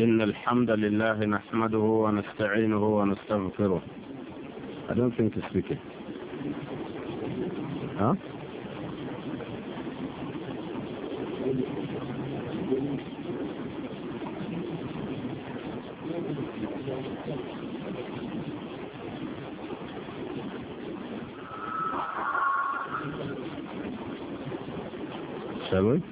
إن الحمد لله نحمده ونستعينه ونستغفره I don't think it's speaking Huh? Shall we?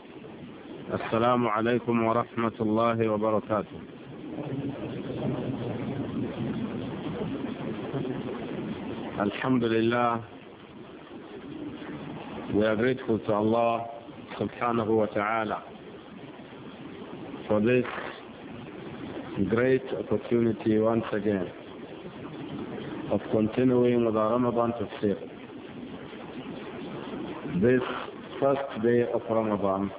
السلام عليكم ورحمة الله وبركاته الحمد لله We are grateful to Allah subhanahu wa ta'ala for this great opportunity once again of continuing with our Ramadan tafsir. This first day of Ramadan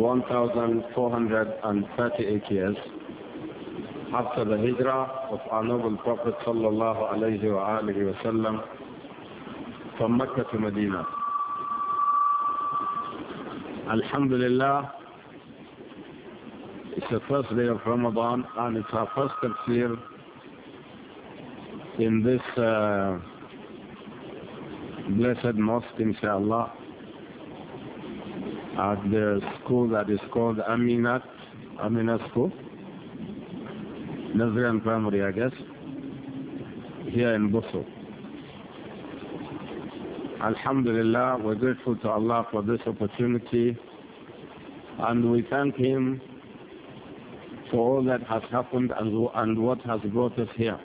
1,438 years after the hijrah of our noble Prophet sallallahu alayhi wa alihi wa sallam from Mecca to Medina. Alhamdulillah, it's the first day of Ramadan and it's our first tafsir in this uh, blessed mosque, inshallah at the school that is called Aminat, Amina School, nursery and primary, I guess, here in Boso. Alhamdulillah, we're grateful to Allah for this opportunity and we thank Him for all that has happened and, and what has brought us here.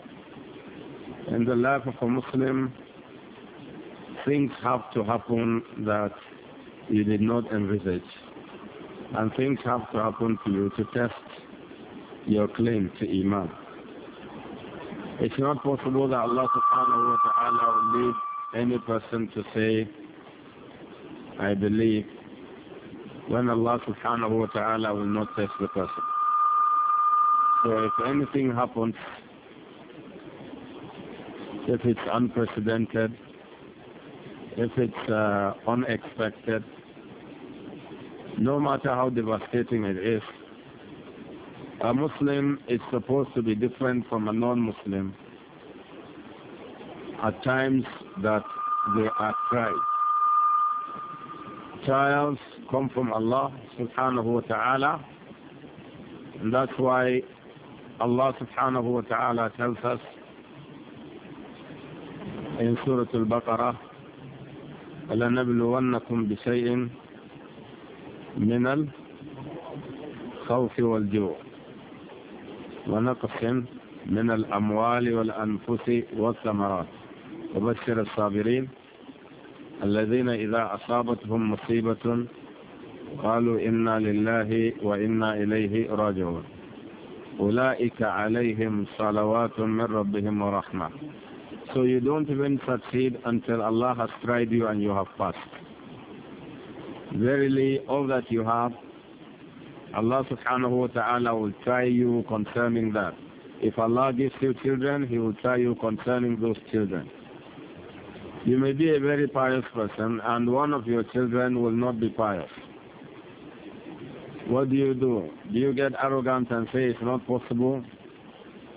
In the life of a Muslim, things have to happen that you did not envisage. And things have to happen to you to test your claim to Iman. It's not possible that Allah subhanahu wa ta'ala will lead any person to say, I believe, when Allah subhanahu wa ta'ala will not test the person. So if anything happens, if it's unprecedented, if it's uh, unexpected, no matter how devastating it is, a Muslim is supposed to be different from a non-Muslim at times that they are tried. Trials come from Allah subhanahu wa ta'ala and that's why Allah subhanahu wa ta'ala tells us in Surah Al-Baqarah ولنبلونكم بشيء من الخوف والجوع ونقص من الأموال والأنفس والثمرات وبشر الصابرين الذين إذا أصابتهم مصيبة قالوا إنا لله وإنا إليه راجعون أولئك عليهم صلوات من ربهم ورحمة So you don't even succeed until Allah has tried you and you have passed. Verily, all that you have, Allah subhanahu wa ta'ala will try you concerning that. If Allah gives you children, He will try you concerning those children. You may be a very pious person and one of your children will not be pious. What do you do? Do you get arrogant and say it's not possible?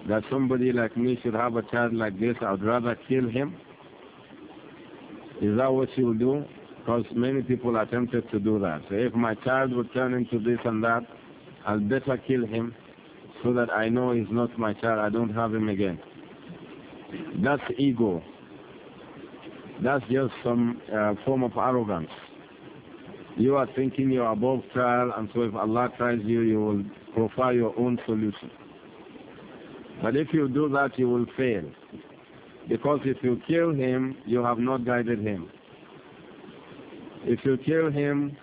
that somebody like me should have a child like this, I would rather kill him? Is that what you will do? Because many people are tempted to do that. So if my child would turn into this and that, I'll better kill him so that I know he's not my child, I don't have him again. That's ego. That's just some uh, form of arrogance. You are thinking you're above trial, and so if Allah tries you, you will profile your own solution. But if you do that, you will fail. Because if you kill him, you have not guided him. If you kill him,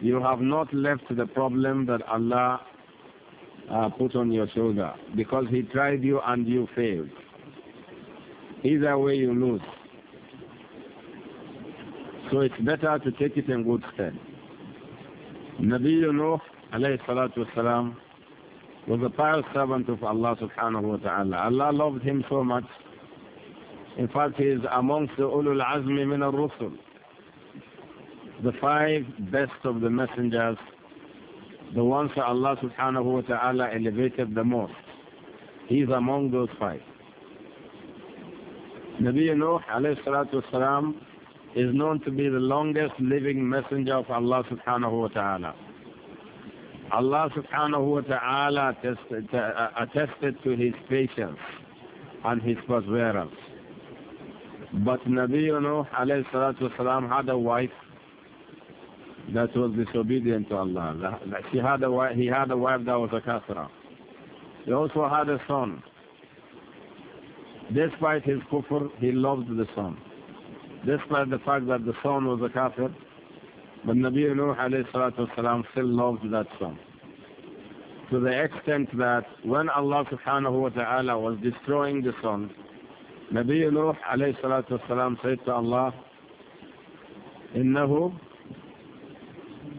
you have not left the problem that Allah uh, put on your shoulder. Because he tried you and you failed. Either way, you lose. So it's better to take it in good stead. Nabi Nuh, alayhi salatu wasalam, was a pious servant of Allah subhanahu wa ta'ala. Allah loved him so much. In fact, he is amongst the ulul azmi min al-rusul. The five best of the messengers, the ones that Allah subhanahu wa ta'ala elevated the most. He is among those five. Nabi Nuh alayhi salatu wasalam, is known to be the longest living messenger of Allah subhanahu wa ta'ala. Allah subhanahu wa ta'ala attested, uh, attested to his patience and his perseverance. But Nabi Nuh alayhi salatu wasalam had a wife that was disobedient to Allah. She had a wife, he had a wife that was a kafir. He also had a son. Despite his kufr, he loved the son. Despite the fact that the son was a kafir, but Nabi Nuh والسلام, still loved that son. To the extent that when Allah subhanahu wa ta'ala was destroying the son, Nabi Nuh والسلام, said to Allah, إنه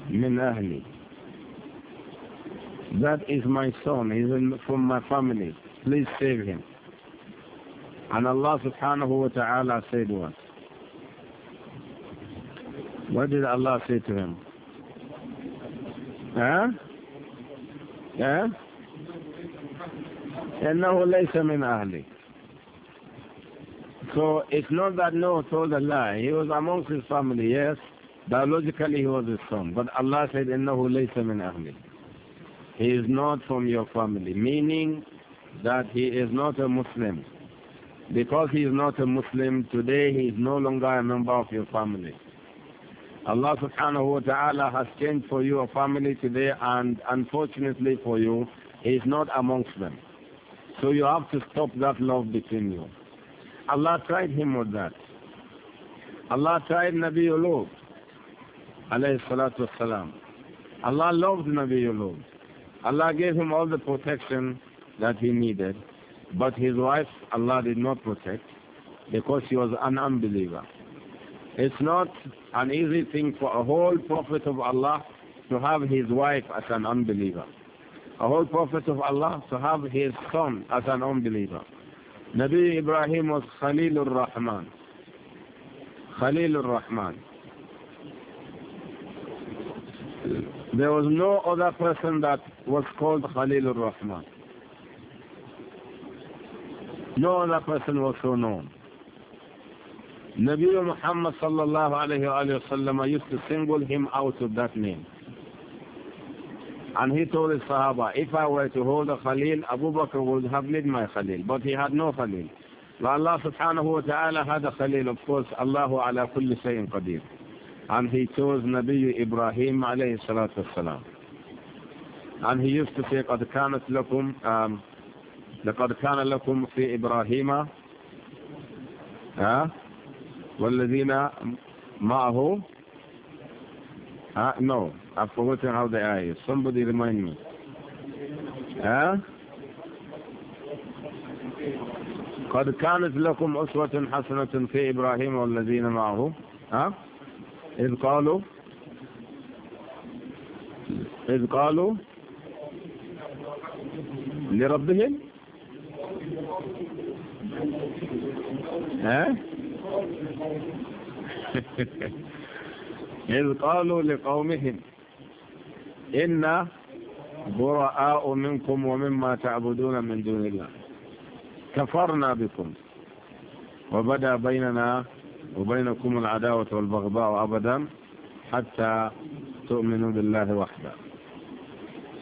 min أهلي That is my son, he's in, from my family, please save him. And Allah subhanahu wa ta'ala said what? What did Allah say to him? Huh? Huh? إنه ليس من أهلي So it's not that Noah told a lie. He was amongst his family, yes. Biologically, he was his son. But Allah said, إِنَّهُ لَيْسَ مِنْ أَهْلِ He is not from your family, meaning that he is not a Muslim. Because he is not a Muslim, today he is no longer a member of your family. Allah subhanahu wa ta'ala has changed for you a family today and unfortunately for you, He is not amongst them. So you have to stop that love between you. Allah tried him with that. Allah tried Nabiullah alayhi salatu wasalam. Allah loved Nabiullah. Allah gave him all the protection that he needed. But his wife, Allah did not protect because she was an unbeliever. It's not an easy thing for a whole prophet of Allah to have his wife as an unbeliever. A whole prophet of Allah to have his son as an unbeliever. Nabi Ibrahim was Khalilur Rahman. Khalilur Rahman. There was no other person that was called Khalilur Rahman. No other person was so known. Nabi Muhammad sallallahu alayhi wa sallam used to single him out of that name. And he told his Sahaba, if I were to hold a Khalil, Abu Bakr would have made my Khalil. But he had no Khalil. But Allah subhanahu wa ta'ala had a Khalil, of course, Allahu ala kulli sayin qadir. And he chose Nabi Ibrahim alayhi salatu wasalam. And he used to say, قَدْ كَانَتْ لَكُمْ um, لَقَدْ كَانَ لَكُمْ فِي إِبْرَاهِيمَ uh, والذين معه ها نو I've forgotten how the ayah is. Somebody remind me. ها قد كانت لكم أسوة حسنة في إبراهيم والذين معه ها إذ قالوا إذ قالوا لربهم ها إذ قالوا لقومهم إنا براء منكم ومما تعبدون من دون الله كفرنا بكم وبدا بيننا وبينكم العداوة والبغضاء أبدا حتى تؤمنوا بالله وحده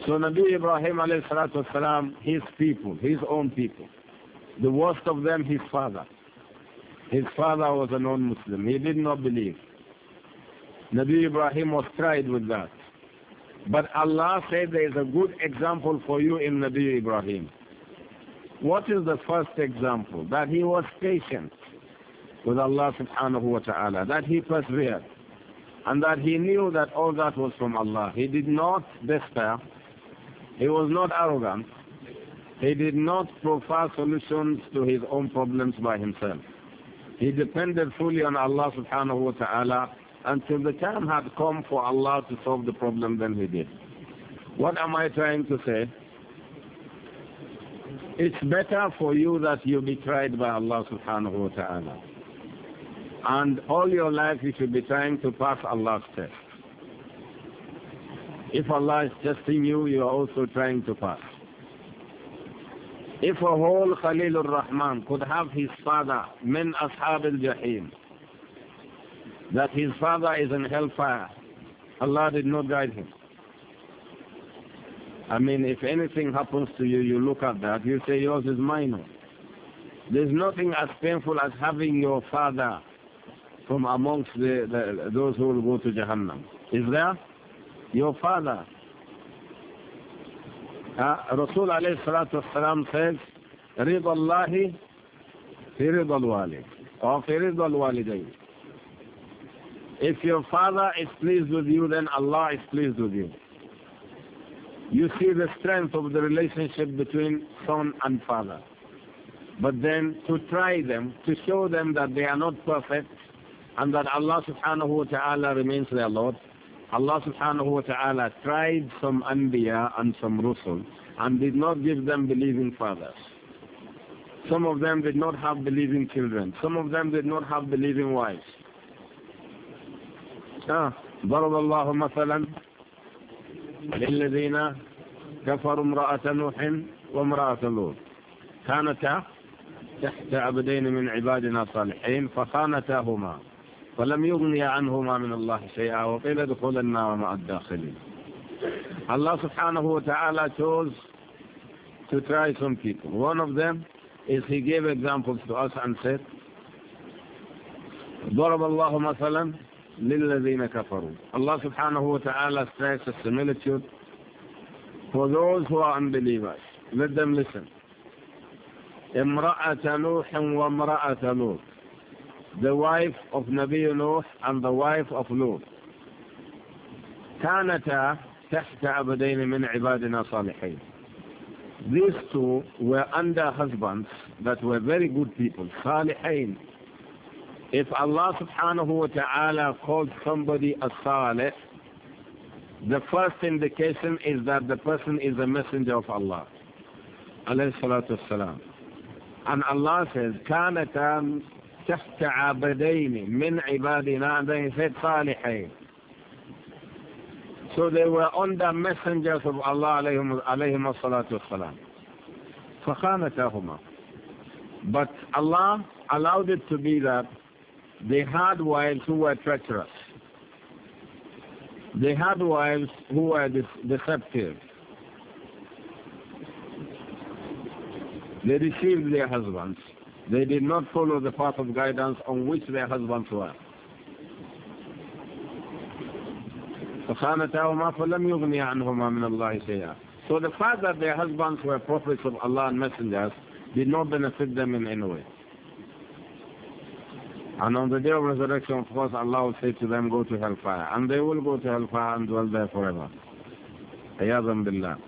So Nabi Ibrahim alayhi salatu wasalam, his people, his own people, the worst of them, his father. His father was a non-Muslim. He did not believe. Nabi Ibrahim was tried with that. But Allah said there is a good example for you in Nabi Ibrahim. What is the first example? That he was patient with Allah subhanahu wa ta'ala, that he persevered, and that he knew that all that was from Allah. He did not despair, he was not arrogant, he did not profile solutions to his own problems by himself. He depended fully on Allah subhanahu wa ta'ala until the time had come for Allah to solve the problem, then he did. What am I trying to say? It's better for you that you be tried by Allah subhanahu wa ta'ala. And all your life you should be trying to pass Allah's test. If Allah is testing you, you are also trying to pass. If a whole Khalilul Rahman could have his father, min ashab al-jahim, that his father is in hellfire, Allah did not guide him. I mean, if anything happens to you, you look at that, you say yours is minor. There's nothing as painful as having your father from amongst the, the, those who will go to Jahannam. Is there? Your father Rasulullah Rasul alayhi salatu says, رضا الله في رضا الوالد or في رضا الوالدين. If your father is pleased with you, then Allah is pleased with you. You see the strength of the relationship between son and father. But then to try them, to show them that they are not perfect and that Allah subhanahu wa ta'ala remains their Lord, Allah subhanahu wa ta'ala tried some Anbiya and some Rusul and did not give them believing fathers. Some of them did not have believing children. Some of them did not have believing wives. Ah, ضرب الله مثلا للذين كفروا امرأة نوح وامرأة لوط كانتا تحت عبدين من عبادنا صالحين فخانتاهما فلم يغني عنهما من الله شيئا وقيل دخول النار مع الداخلين Allah subhanahu wa chose to try some people. One of them is he gave examples to us and said, ضرب الله مثلا للذين كفروا Allah subhanahu wa ta'ala strikes a similitude for those who are unbelievers. Let them listen. امرأة نوح وامرأة لوط the wife of Nabi Nuh and the wife of Lut. كانتا تحت عبدين من عبادنا صالحين. These two were under husbands that were very good people, صالحين. If Allah subhanahu wa ta'ala called somebody a salih, the first indication is that the person is a messenger of Allah. Alayhi salatu wasalam. And Allah says, تحت عبدين من عبادنا they said صالحين so they were under messengers of Allah عليهم عليهم الصلاة والسلام فخانتهما but Allah allowed it to be that they had wives who were treacherous they had wives who were deceptive they deceived their husbands they did not follow the path of guidance on which their husbands were. فخانتهما فلم يغني عنهما من الله شيئا So the fact that their husbands were prophets of Allah and messengers did not benefit them in any way. And on the day of resurrection, of course, Allah will say to them, go to hellfire. And they will go to hellfire and dwell there forever. Ayazam billah.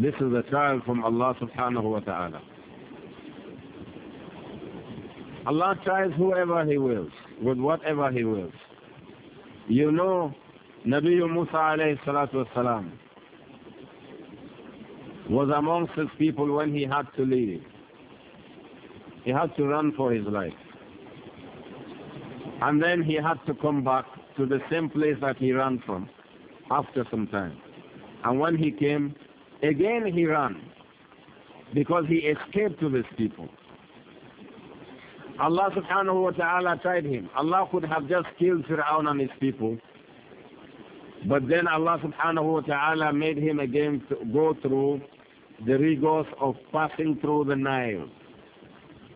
This is a trial from Allah subhanahu wa ta'ala. Allah tries whoever He wills, with whatever He wills. You know, Nabi Musa alayhi salatu wasalam was amongst his people when he had to leave. He had to run for his life. And then he had to come back to the same place that he ran from after some time. And when he came, again he ran because he escaped to His people. Allah subhanahu wa ta'ala tried him. Allah could have just killed Fir'aun and his people. But then Allah subhanahu wa ta'ala made him again go through the rigors of passing through the Nile.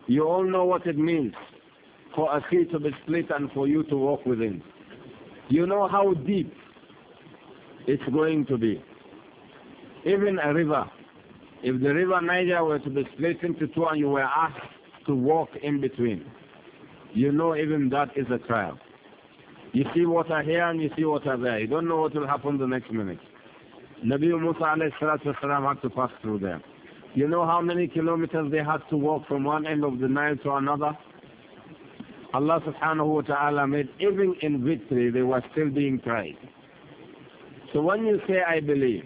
You all know what it means for a sea to be split and for you to walk within. You know how deep it's going to be. Even a river. If the river Niger were to be split into two and you were asked to walk in between. You know even that is a trial. You see what are here and you see what are there. You don't know what will happen the next minute. Nabi Musa والسلام, had to pass through there. You know how many kilometers they had to walk from one end of the Nile to another? Allah subhanahu wa ta'ala made, even in victory, they were still being tried. So when you say, I believe,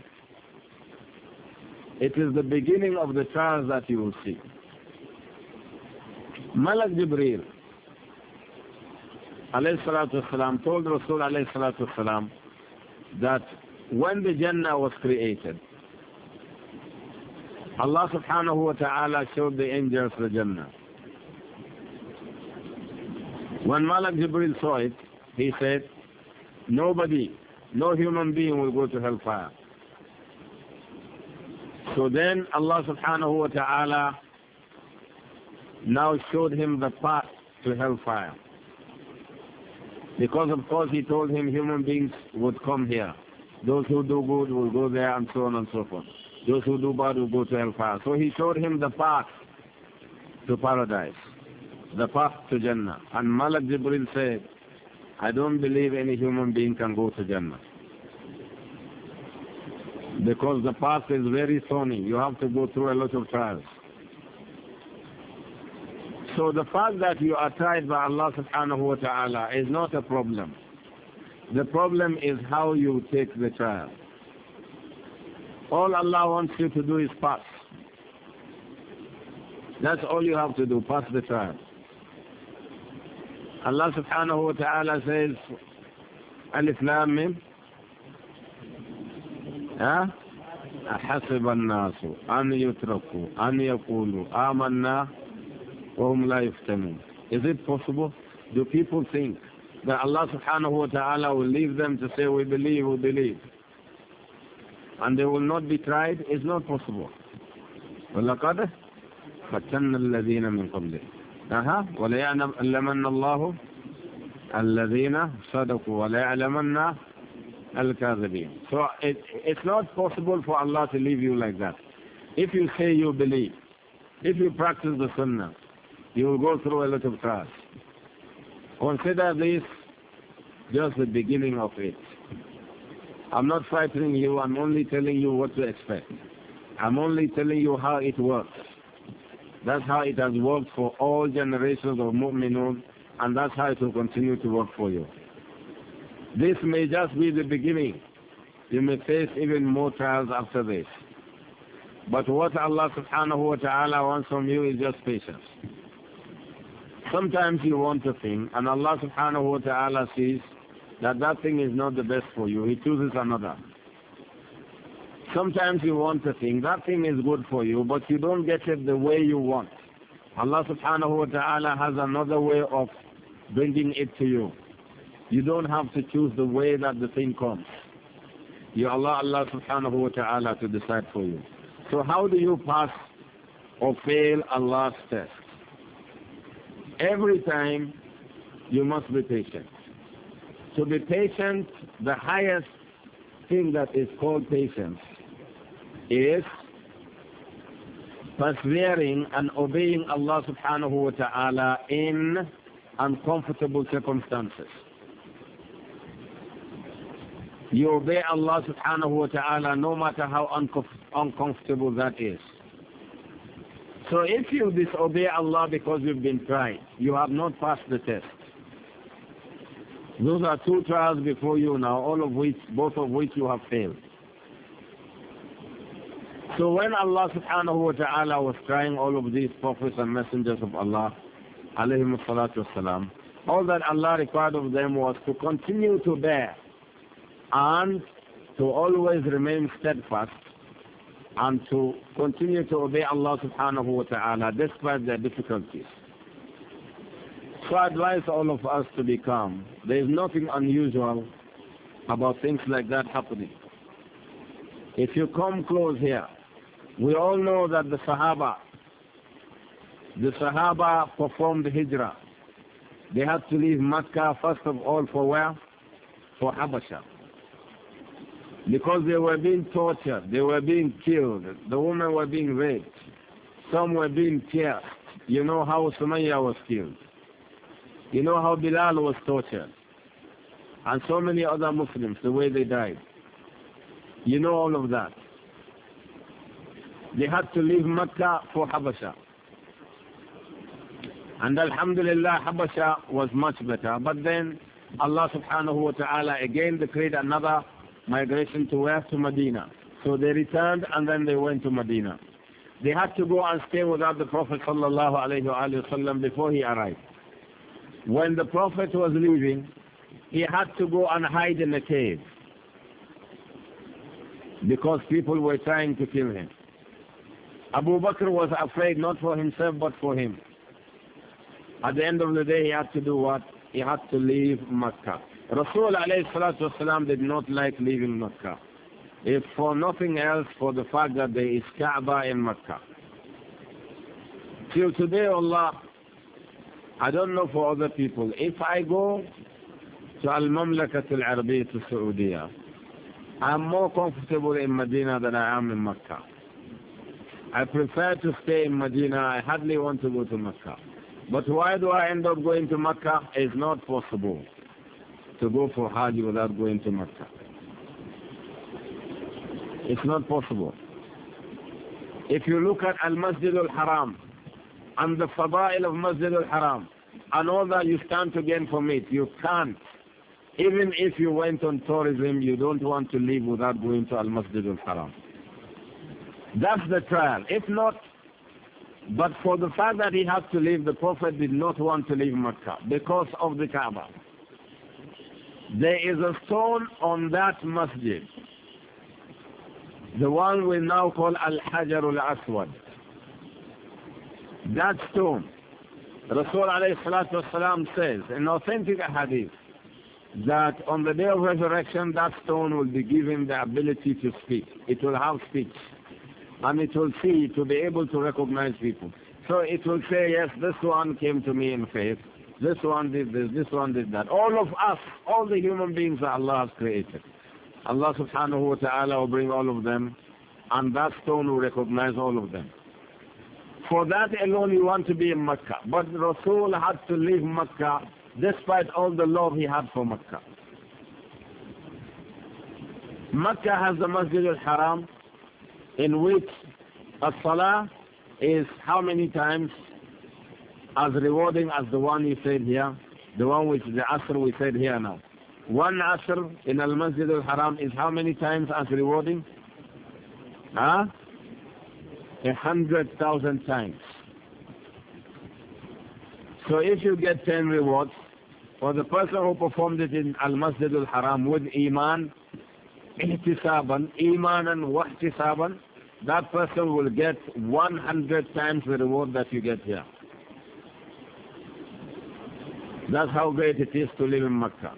it is the beginning of the trials that you will see. Malak Jibreel والسلام, told Rasul والسلام, that when the Jannah was created, Allah subhanahu wa ta'ala showed the angels the Jannah. When Malak Jibril saw it, he said, nobody, no human being will go to hellfire. So then Allah subhanahu wa ta'ala now showed him the path to hellfire. Because of course he told him human beings would come here. Those who do good will go there and so on and so forth. Those who do bad will go to hellfire. So he showed him the path to paradise, the path to Jannah. And Malak Jibril said, I don't believe any human being can go to Jannah. Because the path is very thorny. You have to go through a lot of trials. So the fact that you are tried by Allah subhanahu wa ta'ala is not a problem. The problem is how you take the trial. All Allah wants you to do is pass. That's all you have to do, pass the trial. Allah subhanahu wa ta'ala says, Alif Lam Mim, أحسب الناس أن يتركوا أن يقولوا آمنا وهم لا يفتنون Is it possible? Do people think that Allah subhanahu wa ta'ala will leave them to say, we believe, we believe? And they will not be tried? It's not possible. ولقد فتنا الذين من قبلهم أها وليعلمن الله الذين صدقوا وليعلمن الكاذبين So it, it's not possible for Allah to leave you like that. If you say you believe, if you practice the sunnah, you will go through a lot of trials. Consider this just the beginning of it. I'm not frightening you, I'm only telling you what to expect. I'm only telling you how it works. That's how it has worked for all generations of mu'minun, and that's how it will continue to work for you. This may just be the beginning. You may face even more trials after this. But what Allah subhanahu wa ta'ala wants from you is just patience. Sometimes you want a thing, and Allah subhanahu wa ta'ala sees that that thing is not the best for you. He chooses another. Sometimes you want a thing, that thing is good for you, but you don't get it the way you want. Allah subhanahu wa ta'ala has another way of bringing it to you. You don't have to choose the way that the thing comes. You allow Allah subhanahu wa ta'ala to decide for you. So how do you pass or fail Allah's test? every time you must be patient. To be patient, the highest thing that is called patience is persevering and obeying Allah subhanahu wa ta'ala in uncomfortable circumstances. You obey Allah subhanahu wa ta'ala no matter how uncomfortable that is. So if you disobey Allah because you've been tried, you have not passed the test. Those are two trials before you now, all of which, both of which you have failed. So when Allah subhanahu wa ta'ala was trying all of these prophets and messengers of Allah, alayhim salatu wasalam, all that Allah required of them was to continue to bear and to always remain steadfast and to continue to obey Allah subhanahu wa ta'ala despite their difficulties. So I advise all of us to be calm. There is nothing unusual about things like that happening. If you come close here, we all know that the Sahaba, the Sahaba performed the Hijrah. They had to leave Makkah first of all for where? For Habasha because they were being tortured, they were being killed, the women were being raped, some were being killed. You know how Sumayya was killed. You know how Bilal was tortured. And so many other Muslims, the way they died. You know all of that. They had to leave Mecca for Habasha. And Alhamdulillah, Habasha was much better. But then Allah subhanahu wa ta'ala again decreed another Migration to where? To Medina. So they returned and then they went to Medina. They had to go and stay without the Prophet ﷺ before he arrived. When the Prophet was leaving, he had to go and hide in a cave because people were trying to kill him. Abu Bakr was afraid not for himself but for him. At the end of the day, he had to do what? He had to leave Makkah. Rasul والسلام, did not like leaving Mecca. If for nothing else, for the fact that there is Kaaba in Mecca. Till today, Allah, I don't know for other people. If I go to Al-Mamlakat Al-Arabiyyah to Saudiya, I'm more comfortable in Medina than I am in Mecca. I prefer to stay in Medina. I hardly want to go to Mecca. But why do I end up going to Mecca? It's not possible to go for Hajj without going to Mecca. It's not possible. If you look at Al-Masjid al-Haram and the Fada'il of Masjid al-Haram and all that you stand to gain from it, you can't. Even if you went on tourism, you don't want to leave without going to Al-Masjid al-Haram. That's the trial. If not, but for the fact that he had to leave, the Prophet did not want to leave Mecca because of the Kaaba. There is a stone on that masjid. The one we now call Al-Hajar al-Aswad. That stone, Rasul والسلام, says in authentic hadith that on the day of resurrection that stone will be given the ability to speak. It will have speech. And it will see, to be able to recognize people. So it will say, yes, this one came to me in faith. This one did this, this one did that. All of us, all the human beings that Allah has created. Allah subhanahu wa ta'ala will bring all of them and that stone will recognize all of them. For that alone you want to be in Mecca. But Rasul had to leave Mecca despite all the love he had for Mecca. Mecca has the Masjid al-Haram in which as-salah is how many times? as rewarding as the one you said here, the one which the Asr we said here now. One Asr in Al-Masjid Al-Haram is how many times as rewarding? Huh? A hundred thousand times. So if you get ten rewards, for the person who performed it in Al-Masjid Al-Haram with Iman, Ihtisaban, and wa Ihtisaban, that person will get 100 times the reward that you get here. That's how great it is to live in Mecca.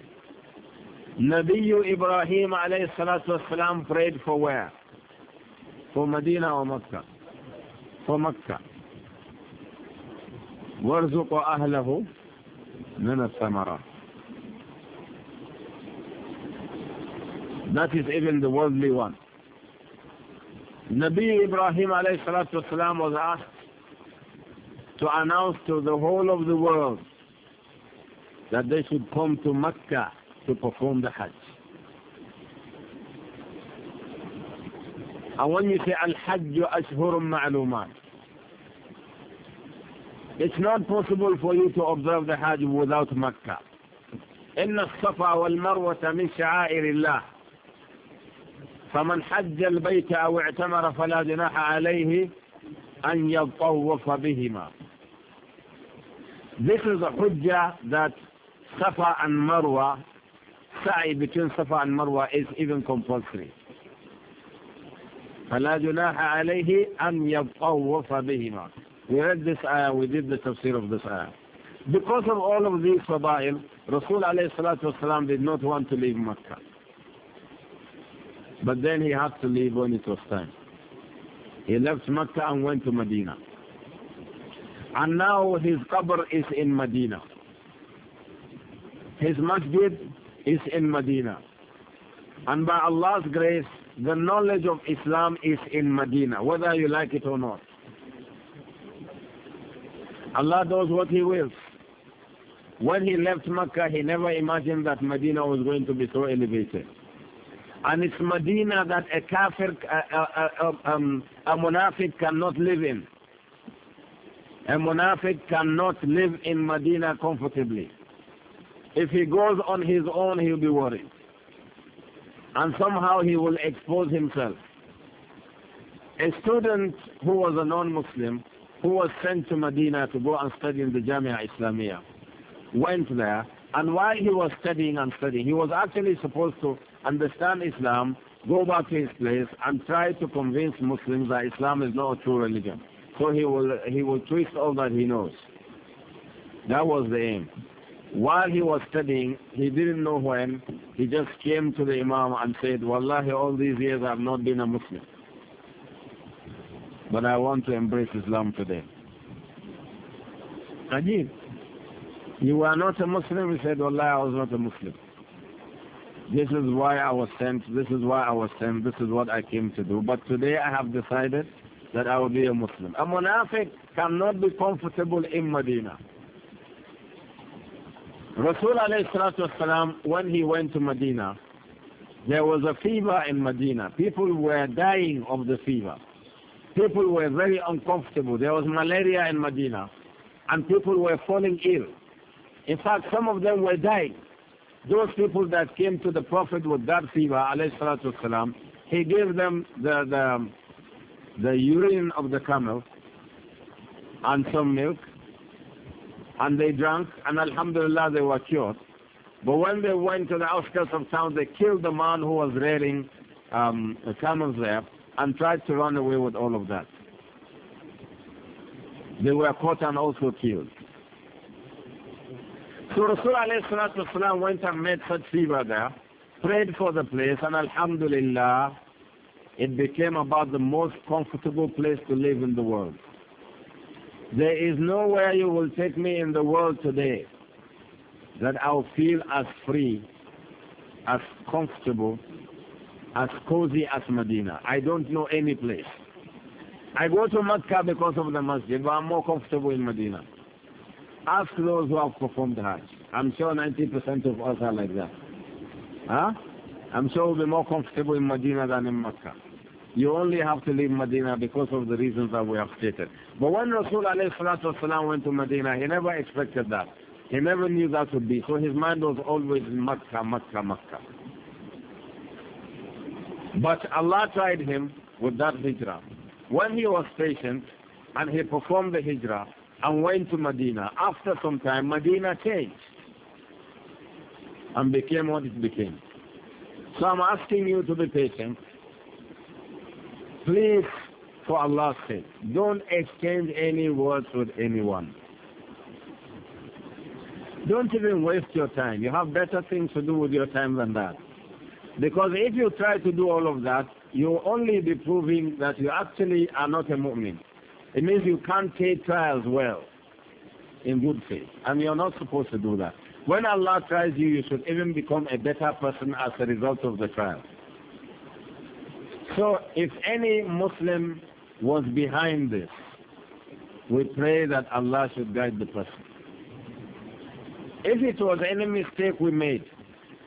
Nabi Ibrahim alayhi salatu wasalam prayed for where? For Medina or Mecca? For Mecca. وَارْزُقُ أَهْلَهُ مِنَ الثَّمَرَاتِ That is even the worldly one. Nabi Ibrahim alayhi salatu wasalam was asked to announce to the whole of the world that they should come to Mecca to perform the Hajj. And when you say Al-Hajj Ashhurum Ma'lumat, it's not possible for you to observe the Hajj without Mecca. إن الصفا والمروة من شعائر الله فمن حج البيت أو اعتمر فلا جناح عليه أن يطوف بهما This is a hujjah that Safa and Marwa, sa'i between Safa and Marwa is even compulsory. فلا جناح عليه أن يطوف بهما. We read this ayah, we did the tafsir of this ayah. Because of all of these fadail, Rasul alayhi salatu wasalam did not want to leave Mecca. But then he had to leave when it was time. He left Mecca and went to Medina. And now his qabr is in Medina. His masjid is in Medina. And by Allah's grace, the knowledge of Islam is in Medina, whether you like it or not. Allah does what He wills. When He left Mecca, He never imagined that Medina was going to be so elevated. And it's Medina that a kafir, a, a, a, um, a munafiq cannot live in. A munafiq cannot live in Medina comfortably. If he goes on his own, he'll be worried. And somehow he will expose himself. A student who was a non-Muslim, who was sent to Medina to go and study in the Jamia Islamia, went there, and while he was studying and studying, he was actually supposed to understand Islam, go back to his place, and try to convince Muslims that Islam is not a true religion. So he will, he will twist all that he knows. That was the aim. While he was studying, he didn't know when, he just came to the Imam and said, Wallahi, all these years I've not been a Muslim. But I want to embrace Islam today. Ajib. You were not a Muslim? He said, Wallahi, I was not a Muslim. This is why I was sent, this is why I was sent, this is what I came to do. But today I have decided that I will be a Muslim. A munafiq cannot be comfortable in Medina. Rasul والسلام, when he went to Medina, there was a fever in Medina. People were dying of the fever. People were very uncomfortable. There was malaria in Medina. And people were falling ill. In fact, some of them were dying. Those people that came to the Prophet with that fever, والسلام, he gave them the, the, the urine of the camel and some milk and they drank, and alhamdulillah they were cured. But when they went to the outskirts of town, they killed the man who was raiding um, the camels there and tried to run away with all of that. They were caught and also killed. So Rasulullah went and met such fever there, prayed for the place, and alhamdulillah, it became about the most comfortable place to live in the world. There is nowhere you will take me in the world today that I'll feel as free, as comfortable, as cozy as Medina. I don't know any place. I go to Mecca because of the masjid, but I'm more comfortable in Medina. Ask those who have performed Hajj. I'm sure 90% of us are like that. Huh? I'm sure we'll be more comfortable in Medina than in Mecca. You only have to leave Medina because of the reasons that we have stated. But when Rasul والسلام, went to Medina, he never expected that. He never knew that would be. So his mind was always Makkah, Makkah, Makkah. But Allah tried him with that hijrah. When he was patient and he performed the hijrah and went to Medina, after some time Medina changed and became what it became. So I'm asking you to be patient Please, for Allah's sake, don't exchange any words with anyone. Don't even waste your time. You have better things to do with your time than that. Because if you try to do all of that, you'll only be proving that you actually are not a mu'min. It means you can't take trials well, in good faith. And you're not supposed to do that. When Allah tries you, you should even become a better person as a result of the trial. So if any Muslim was behind this, we pray that Allah should guide the person. If it was any mistake we made,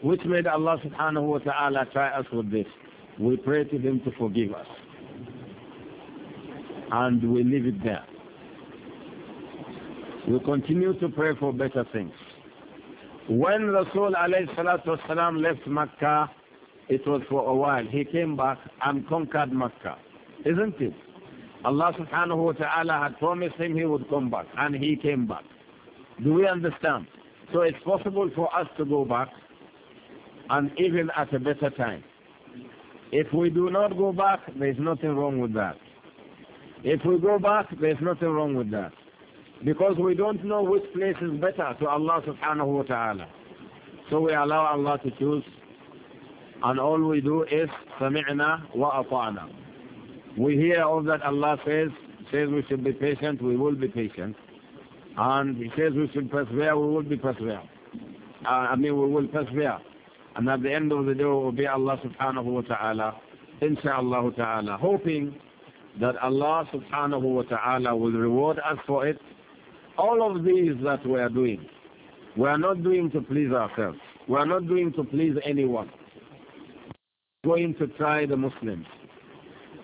which made Allah subhanahu wa ta'ala try us with this, we pray to Him to forgive us. And we leave it there. We continue to pray for better things. When Rasul alayhi salatu wasalam left Makkah, it was for a while. He came back and conquered Mecca. Isn't it? Allah subhanahu wa ta'ala had promised him he would come back, and he came back. Do we understand? So it's possible for us to go back, and even at a better time. If we do not go back, there's nothing wrong with that. If we go back, there's nothing wrong with that. Because we don't know which place is better to Allah subhanahu wa ta'ala. So we allow Allah to choose and all we do is wa وأطعنا. We hear all that Allah says, says we should be patient, we will be patient. And He says we should persevere, we will be persevere. Uh, I mean, we will persevere. And at the end of the day, we will be Allah subhanahu wa ta'ala, inshaAllah ta'ala, hoping that Allah subhanahu wa ta'ala will reward us for it. All of these that we are doing, we are not doing to please ourselves. We are not doing to please anyone going to try the Muslims.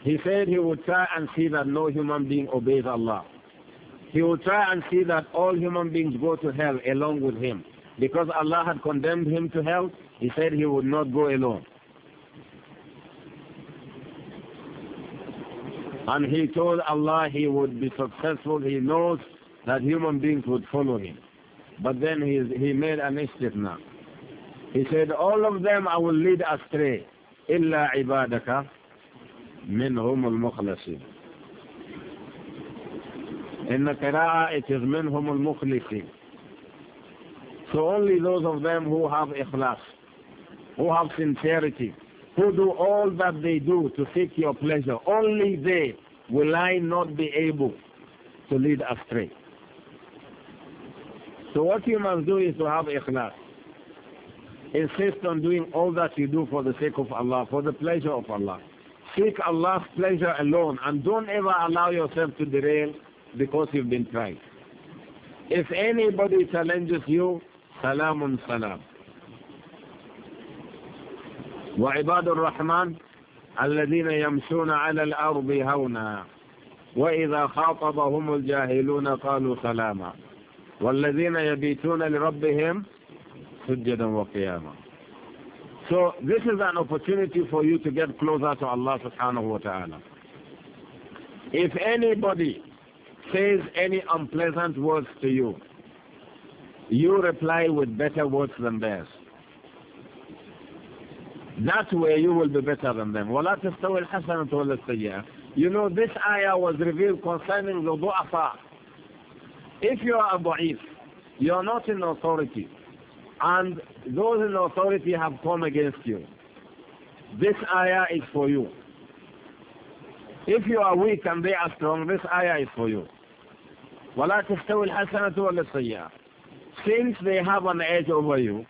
He said he would try and see that no human being obeys Allah. He would try and see that all human beings go to hell along with him. Because Allah had condemned him to hell, he said he would not go alone. And he told Allah he would be successful. He knows that human beings would follow him. But then he, he made an now. He said, all of them I will lead astray. إلا عبادك منهم المخلصين it is منهم المخلصين So only those of them who have ikhlas, who have sincerity, who do all that they do to seek your pleasure, only they will I not be able to lead astray. So what you must do is to have إخلاص. Insist on doing all that you do for the sake of Allah, for the pleasure of Allah. Seek Allah's pleasure alone and don't ever allow yourself to derail because you've been tried. If anybody challenges you, salamun salam. وعباد الرحمن الذين يمشون على الأرض هونا وإذا خاطبهم الجاهلون قالوا سلاما والذين يبيتون لربهم سجدا وقياما. So this is an opportunity for you to get closer to Allah subhanahu wa ta'ala. If anybody says any unpleasant words to you, you reply with better words than theirs. That way you will be better than them. You know, this ayah was revealed concerning the du'afa. If you are a du'if, you are not in authority and those in authority have come against you. This ayah is for you. If you are weak and they are strong, this ayah is for you. وَلَا تَسْتَوِي الْحَسَنَةُ وَالْسَيِّئَةُ Since they have an edge over you,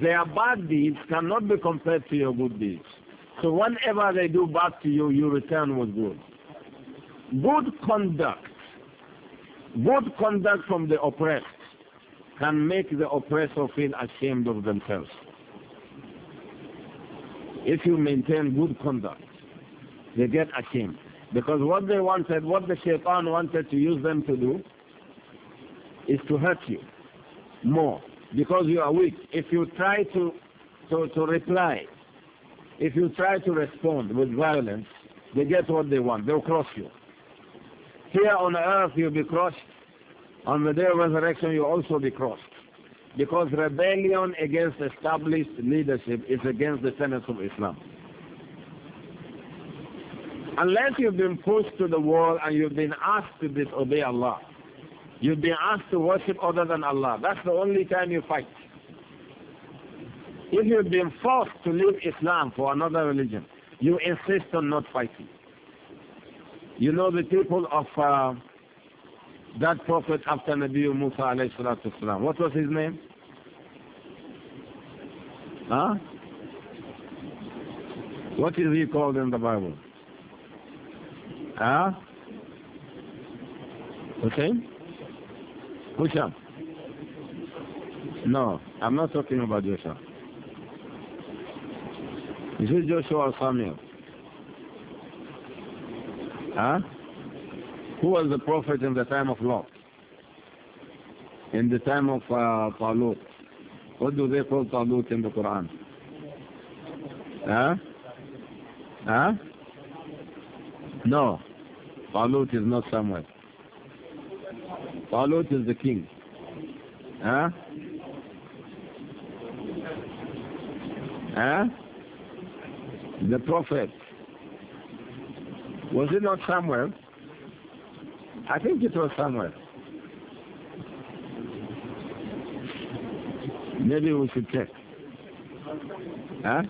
their bad deeds cannot be compared to your good deeds. So whenever they do bad to you, you return with good. Good conduct. Good conduct from the oppressed can make the oppressor feel ashamed of themselves. If you maintain good conduct, they get ashamed. Because what they wanted, what the shaitan wanted to use them to do, is to hurt you more. Because you are weak. If you try to, to, to reply, if you try to respond with violence, they get what they want. They'll cross you. Here on earth you'll be crushed on the day of resurrection you also be crossed. Because rebellion against established leadership is against the tenets of Islam. Unless you've been pushed to the wall and you've been asked to disobey Allah, you've been asked to worship other than Allah, that's the only time you fight. If you've been forced to leave Islam for another religion, you insist on not fighting. You know the people of... Uh, that prophet after Nabi Musa alayhi salatu wasalam. What was his name? Huh? What is he called in the Bible? Huh? Hussein? Husham? No, I'm not talking about Joshua. Is it Joshua or Samuel? Huh? Who was the prophet in the time of Lot? In the time of uh, Talut? What do they call Talut in the Quran? Huh? Huh? No. Talut is not somewhere. Talut is the king. Huh? Huh? The prophet. Was it not somewhere? I think it was somewhere. Maybe we should check. Huh?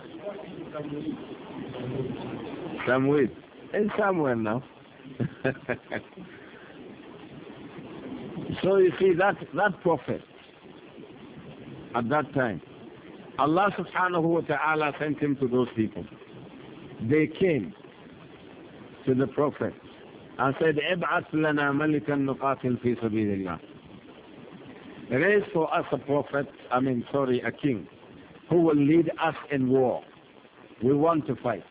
Some weed. It's somewhere now. so you see that that prophet at that time, Allah subhanahu wa ta'ala sent him to those people. They came to the prophet and said, Ib'at lana malikan nuqatil fi sabilillah. Raise for us a prophet, I mean, sorry, a king, who will lead us in war. We want to fight.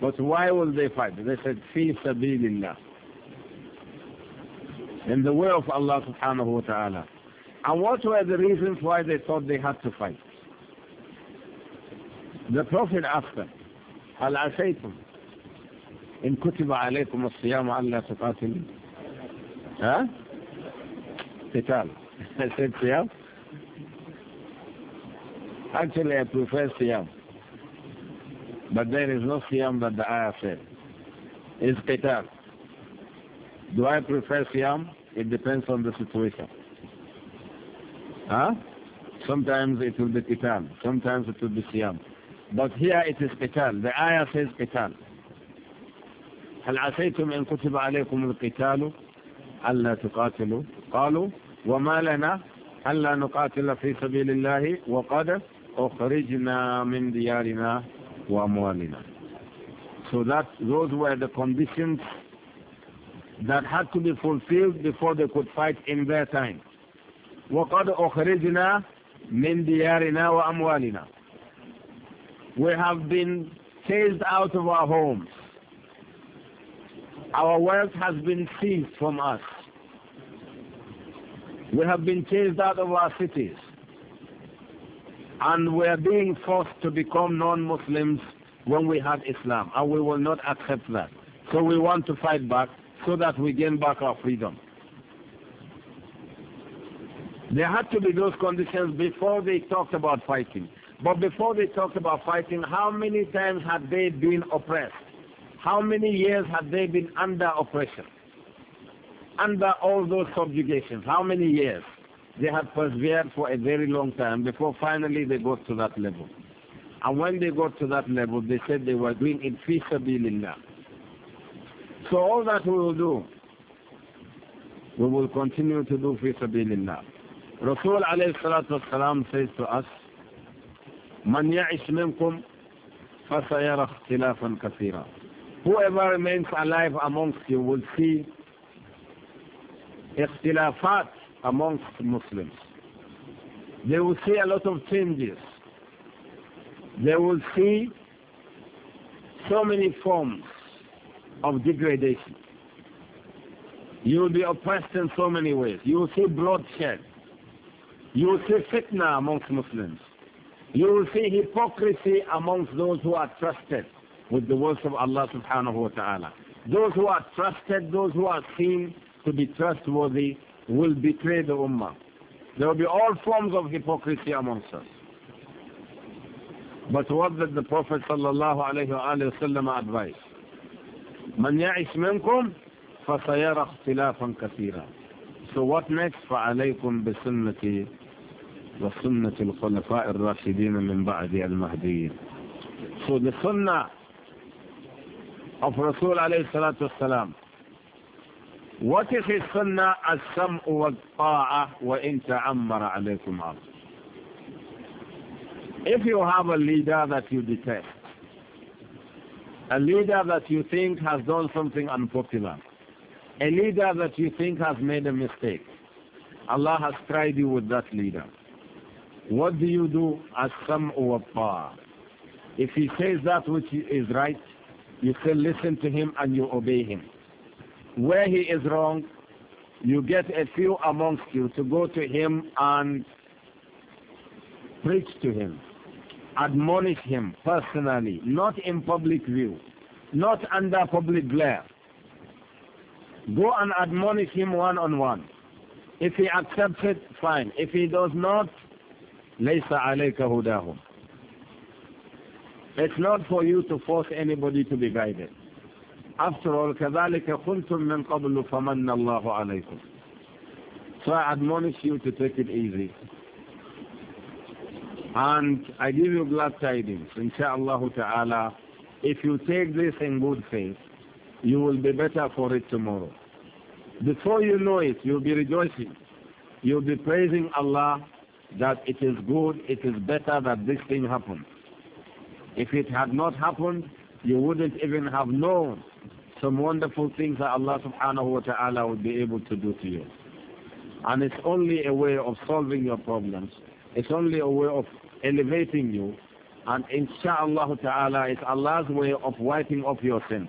But why will they fight? They said, fi sabilillah. In the way of Allah subhanahu wa ta'ala. And what were the reasons why they thought they had to fight? The Prophet asked them, هل عسيتم إن كتب عليكم الصيام ألا تقاتل ها قتال سيد صيام Actually, I prefer Siyam. But there is no Siyam that the ayah said. It's Qitar. Do I prefer Siyam? It depends on the situation. Huh? Sometimes it will be Qitar. Sometimes it will be Siyam. But here it is Qitar. The ayah says Qitar. هل عسيتم إن كتب عليكم القتال ألا تقاتلوا قالوا وما لنا ألا نقاتل في سبيل الله وقد أخرجنا من ديارنا وأموالنا so that those were the conditions that had to be fulfilled before they could fight in their time وقد أخرجنا من ديارنا وأموالنا we have been chased out of our homes Our wealth has been seized from us. We have been chased out of our cities. And we are being forced to become non-Muslims when we have Islam. And we will not accept that. So we want to fight back so that we gain back our freedom. There had to be those conditions before they talked about fighting. But before they talked about fighting, how many times had they been oppressed? How many years had they been under oppression? Under all those subjugations, how many years? They had persevered for a very long time before finally they got to that level. And when they got to that level, they said they were doing it feasibilillah. So all that we will do, we will continue to do feasibilillah. Rasul alayhi salatu wasalam says to us, "Man يعش منكم فسيرى اختلافا كثيرا whoever remains alive amongst you will see ikhtilafat amongst Muslims. They will see a lot of changes. They will see so many forms of degradation. You will be oppressed in so many ways. You will see bloodshed. You will see fitna amongst Muslims. You will see hypocrisy amongst those who are trusted with the words of Allah subhanahu wa ta'ala. Those who are trusted, those who are seen to be trustworthy will betray the ummah. There will be all forms of hypocrisy amongst us. But what did the Prophet sallallahu alayhi wa sallam advise? من يعش منكم فسيرى اختلافا كثيرا So what next? فعليكم بسنتي وسنة الخلفاء الراشدين من بعد المهديين So the sunnah of Rasul alayhi salatu wasalam. What is his sunnah as-sam'u wa-ta'a wa If you have a leader that you detest, a leader that you think has done something unpopular, a leader that you think has made a mistake, Allah has tried you with that leader. What do you do as some wa If he says that which is right, you still listen to him and you obey him. Where he is wrong, you get a few amongst you to go to him and preach to him, admonish him personally, not in public view, not under public glare. Go and admonish him one on one. If he accepts it, fine. If he does not, ليس عليك هداهم it's not for you to force anybody to be guided. After all, كَذَلِكَ قُلْتُم مِّن قَبْلُ فَمَنَّ اللَّهُ عَلَيْكُمْ So I admonish you to take it easy. And I give you glad tidings, inshaAllah ta'ala, if you take this in good faith, you will be better for it tomorrow. Before you know it, you'll be rejoicing. You'll be praising Allah that it is good, it is better that this thing happened. If it had not happened, you wouldn't even have known some wonderful things that Allah subhanahu wa ta'ala would be able to do to you. And it's only a way of solving your problems. It's only a way of elevating you. And insha'Allah ta'ala, it's Allah's way of wiping off your sins.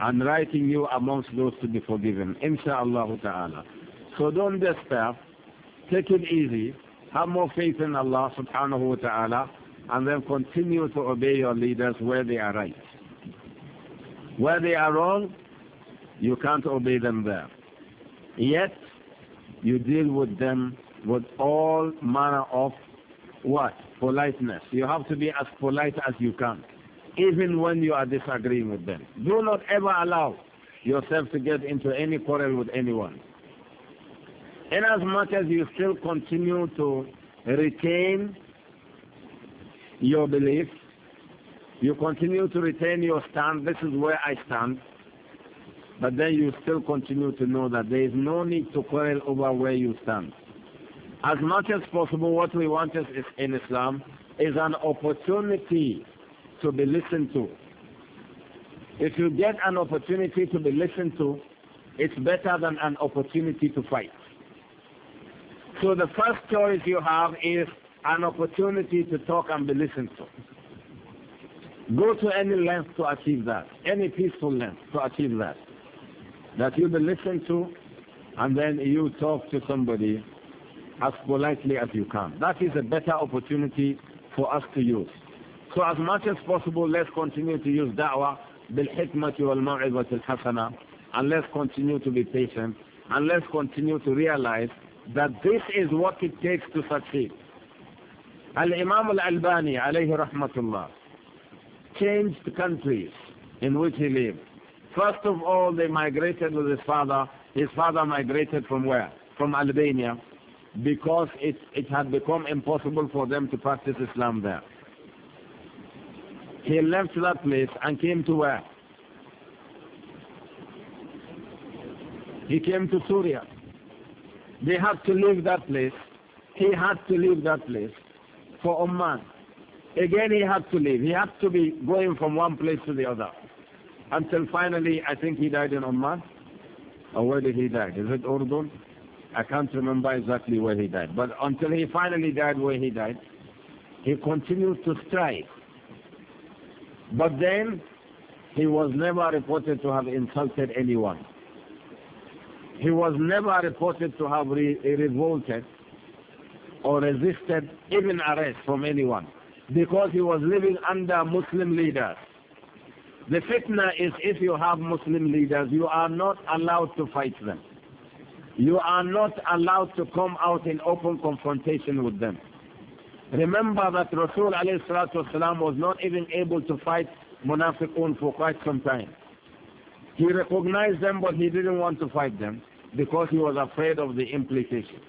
And writing you amongst those to be forgiven. Insha'Allah ta'ala. So don't despair. Take it easy. Have more faith in Allah subhanahu wa ta'ala and then continue to obey your leaders where they are right. Where they are wrong, you can't obey them there. Yet, you deal with them with all manner of what? Politeness. You have to be as polite as you can, even when you are disagreeing with them. Do not ever allow yourself to get into any quarrel with anyone. Inasmuch as you still continue to retain your belief, you continue to retain your stand, this is where I stand, but then you still continue to know that there is no need to quarrel over where you stand. As much as possible, what we want is, in Islam is an opportunity to be listened to. If you get an opportunity to be listened to, it's better than an opportunity to fight. So the first choice you have is an opportunity to talk and be listened to. Go to any length to achieve that, any peaceful length to achieve that. That you be listened to and then you talk to somebody as politely as you can. That is a better opportunity for us to use. So as much as possible, let's continue to use da'wah بالحكمة والموعظة الحسنة and let's continue to be patient and let's continue to realize that this is what it takes to succeed. Al-Imam al-Albani alayhi rahmatullah changed countries in which he lived. First of all, they migrated with his father. His father migrated from where? From Albania because it, it had become impossible for them to practice Islam there. He left that place and came to where? He came to Syria. They had to leave that place. He had to leave that place for Oman. Again, he had to leave. He had to be going from one place to the other. Until finally, I think he died in Oman. Or where did he die? Is it Urdun? I can't remember exactly where he died. But until he finally died where he died, he continued to strive. But then, he was never reported to have insulted anyone. He was never reported to have re revolted or resisted even arrest from anyone because he was living under Muslim leaders. The fitna is if you have Muslim leaders, you are not allowed to fight them. You are not allowed to come out in open confrontation with them. Remember that Rasul والسلام, was not even able to fight Munafiqun for quite some time. He recognized them but he didn't want to fight them because he was afraid of the implications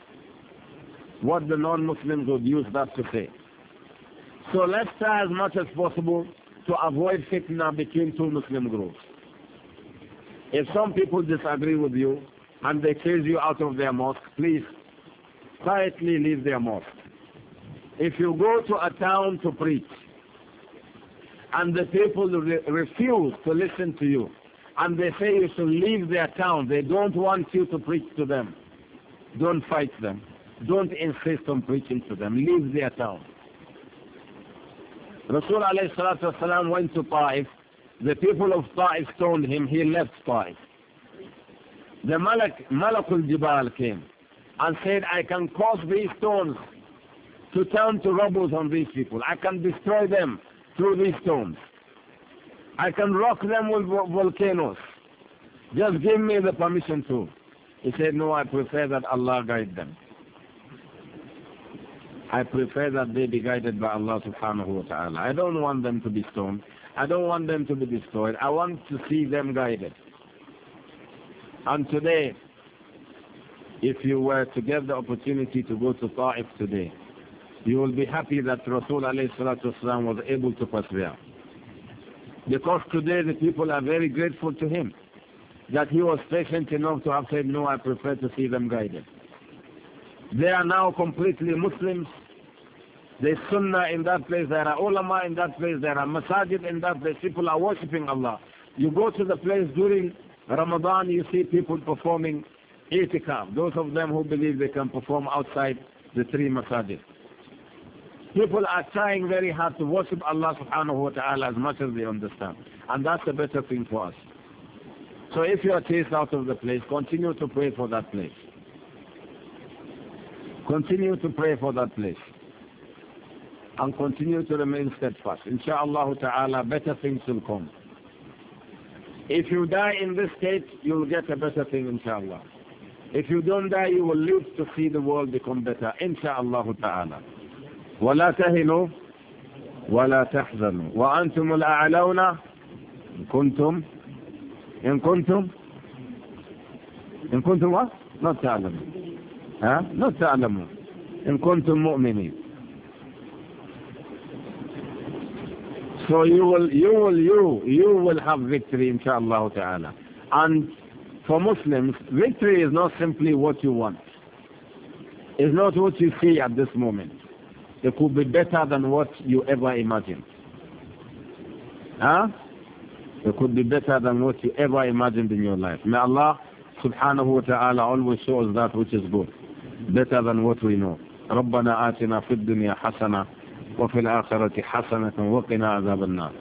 what the non-Muslims would use that to say. So let's try as much as possible to avoid fitna between two Muslim groups. If some people disagree with you and they chase you out of their mosque, please quietly leave their mosque. If you go to a town to preach and the people re refuse to listen to you and they say you should leave their town, they don't want you to preach to them, don't fight them. Don't insist on preaching to them. Leave their town. Rasul والسلام, went to Taif. The people of Taif stoned him. He left Taif. The Malak, Malakul Jibal came and said, I can cause these stones to turn to rubble on these people. I can destroy them through these stones. I can rock them with volcanoes. Just give me the permission to. He said, no, I prefer that Allah guide them. I prefer that they be guided by Allah subhanahu wa ta'ala. I don't want them to be stoned. I don't want them to be destroyed. I want to see them guided. And today, if you were to get the opportunity to go to Ta'if today, you will be happy that Rasul والسلام, was able to persevere. Because today the people are very grateful to him that he was patient enough to have said, no, I prefer to see them guided. They are now completely Muslims. The sunnah in that place, there are ulama in that place, there are masajid in that place, people are worshipping Allah. You go to the place during Ramadan, you see people performing itikaf. Those of them who believe they can perform outside the three masajid. People are trying very hard to worship Allah subhanahu wa ta'ala as much as they understand. And that's a better thing for us. So if you are chased out of the place, continue to pray for that place. Continue to pray for that place. And continue to remain steadfast. Insha'Allah ta'ala, better things will come. If you die in this state, you'll get a better thing, insha'Allah. If you don't die, you will live to see the world become better, insha'Allah ta'ala. ولا تهنوا ولا تحزنوا وأنتم الأعلون إن كنتم إن كنتم إن كنتم what? not تعلمون ها لا تعلمون إن كنتم مؤمنين So you will, you will, you, you will have victory, inshallah ta'ala. And for Muslims, victory is not simply what you want. It's not what you see at this moment. It could be better than what you ever imagined. Huh? It could be better than what you ever imagined in your life. May Allah subhanahu wa ta'ala always show us that which is good. better than what we know ربنا آتنا في الدنيا حسنة وفي الآخرة حسنة وقنا عذاب النار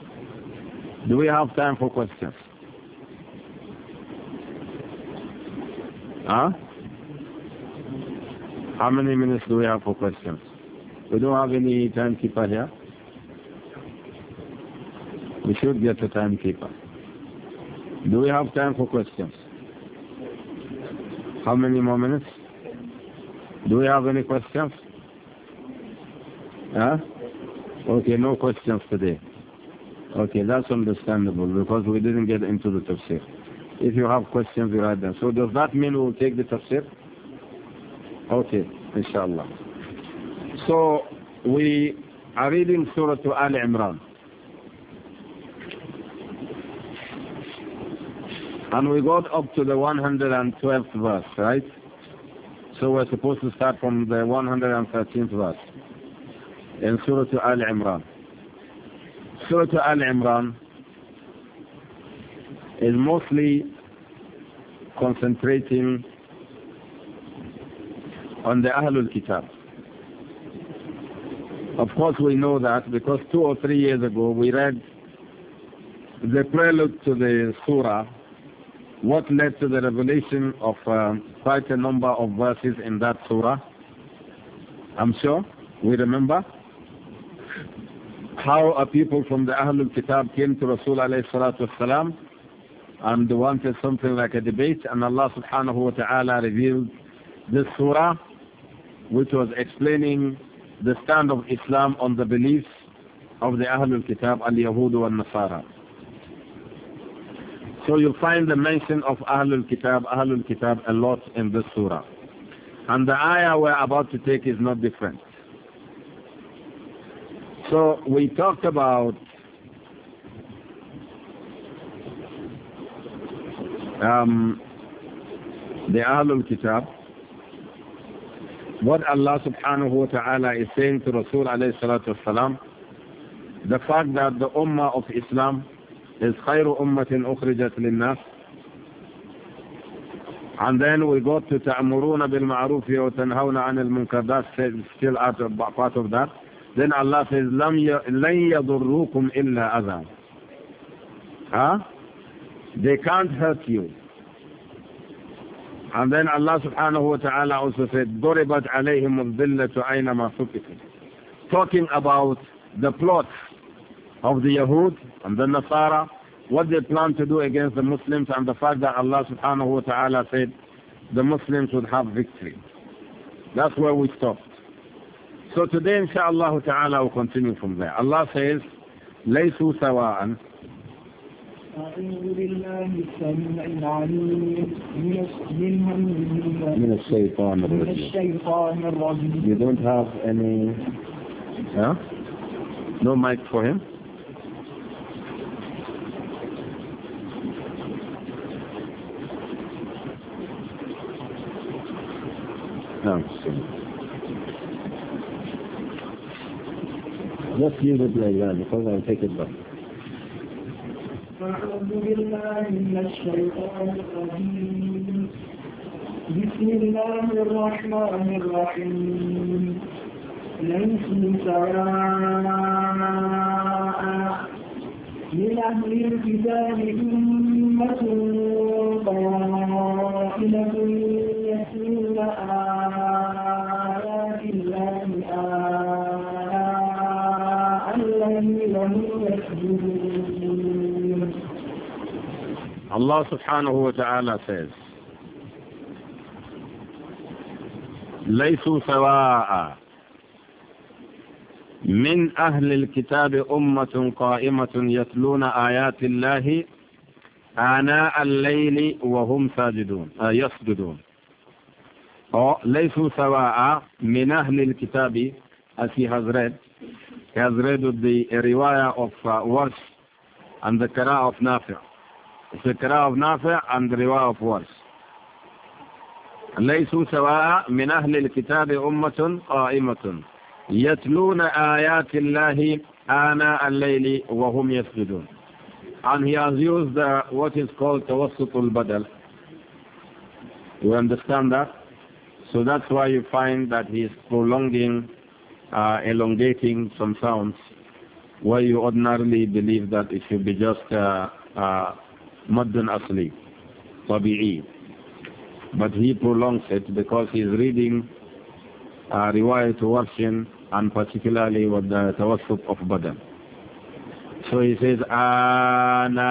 Do we have time for questions? Huh? How many minutes do we have for questions? We don't have any timekeeper here. We should get a timekeeper. Do we have time for questions? How many more minutes? Do we have any questions? Huh? Okay, no questions today. Okay, that's understandable because we didn't get into the tafsir. If you have questions, you write them. So does that mean we'll take the tafsir? Okay, inshallah. So we are reading Surah Al Imran. And we got up to the 112th verse, right? So we're supposed to start from the 113th verse in Surah Al Imran. Surah Al Imran is mostly concentrating on the Ahlul Kitab. Of course, we know that because two or three years ago we read the prelude to the Surah what led to the revelation of uh, quite a number of verses in that surah? I'm sure we remember how a people from the Ahlul Kitab came to Rasul alayhi salatu and wanted something like a debate and Allah subhanahu wa ta'ala revealed this surah which was explaining the stand of Islam on the beliefs of the Ahlul Kitab al-Yahud and nasara so you'll find the mention of Ahlul Kitab, Ahlul Kitab a lot in this surah. And the ayah we're about to take is not different. So we talked about um, the Ahlul Kitab, what Allah subhanahu wa ta'ala is saying to Rasul alayhi salatu wasalam, the fact that the Ummah of Islam is خير أمة أخرجت للناس And then we go to تأمرون بالمعروف وتنهون عن المنكر That's still part of that Then Allah says لم ي... لن يضروكم إلا أذى huh? They can't hurt you And then Allah subhanahu wa ta'ala also said ضربت عليهم الذلة أينما سكتوا Talking about the plot of the Yahud and the Nasara, what they plan to do against the Muslims and the fact that Allah subhanahu wa ta'ala said the Muslims would have victory. That's where we stopped. So today inshallah ta'ala will continue from there. Allah says, لَيْسُوا سَوَاءً من الشيطان الرجيم You don't have any... Huh? No mic for him? No. Let's use it like that because I'll take it back. أعوذ بالله من الشيطان الرجيم بسم الله الرحمن الرحيم ليسوا سواء من أهل الكتاب أمة قائلة يتلون آيات Allah subhanahu wa ta'ala says, ليسوا سواء من أهل الكتاب أمة قائمة يتلون آيات الله آناء الليل وهم ساجدون آه، يسجدون ليسوا سواء من أهل الكتاب as he has read he has read the riwayah of uh, Warsh and the Qira'ah of Nafi' It's the qira'ah of Nafi' and the riwayah of Wars. ليسوا سواء من أهل الكتاب أمة قائمة يتلون آيات الله آناء الليل وهم يسجدون and he has used uh, what is called توسط badal. you understand that so that's why you find that he is prolonging uh, elongating some sounds where you ordinarily believe that it should be just uh, uh مد أصلي طبيعي but he prolongs it because he's reading a riwayat version and particularly with the tawassub of badan so he says ana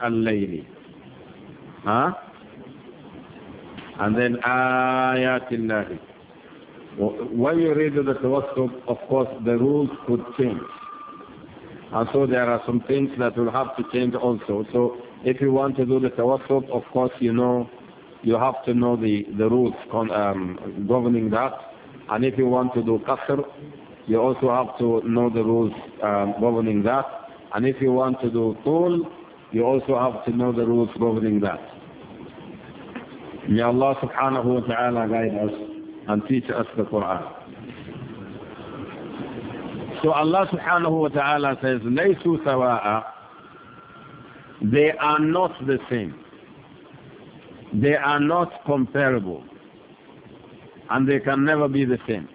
al huh and then ayatillahi when you read the tawassub of course the rules could change and so there are some things that will have to change also. So if you want to do the tawassul, of course you know, you have to know the, the rules con, um, governing that. And if you want to do qasr, you also have to know the rules um, governing that. And if you want to do tul, you also have to know the rules governing that. May Allah subhanahu wa ta'ala guide us and teach us the Quran. So Allah subhanahu wa ta'ala says, لَيْسُوا سَوَاءً They are not the same. They are not comparable. And they can never be the same.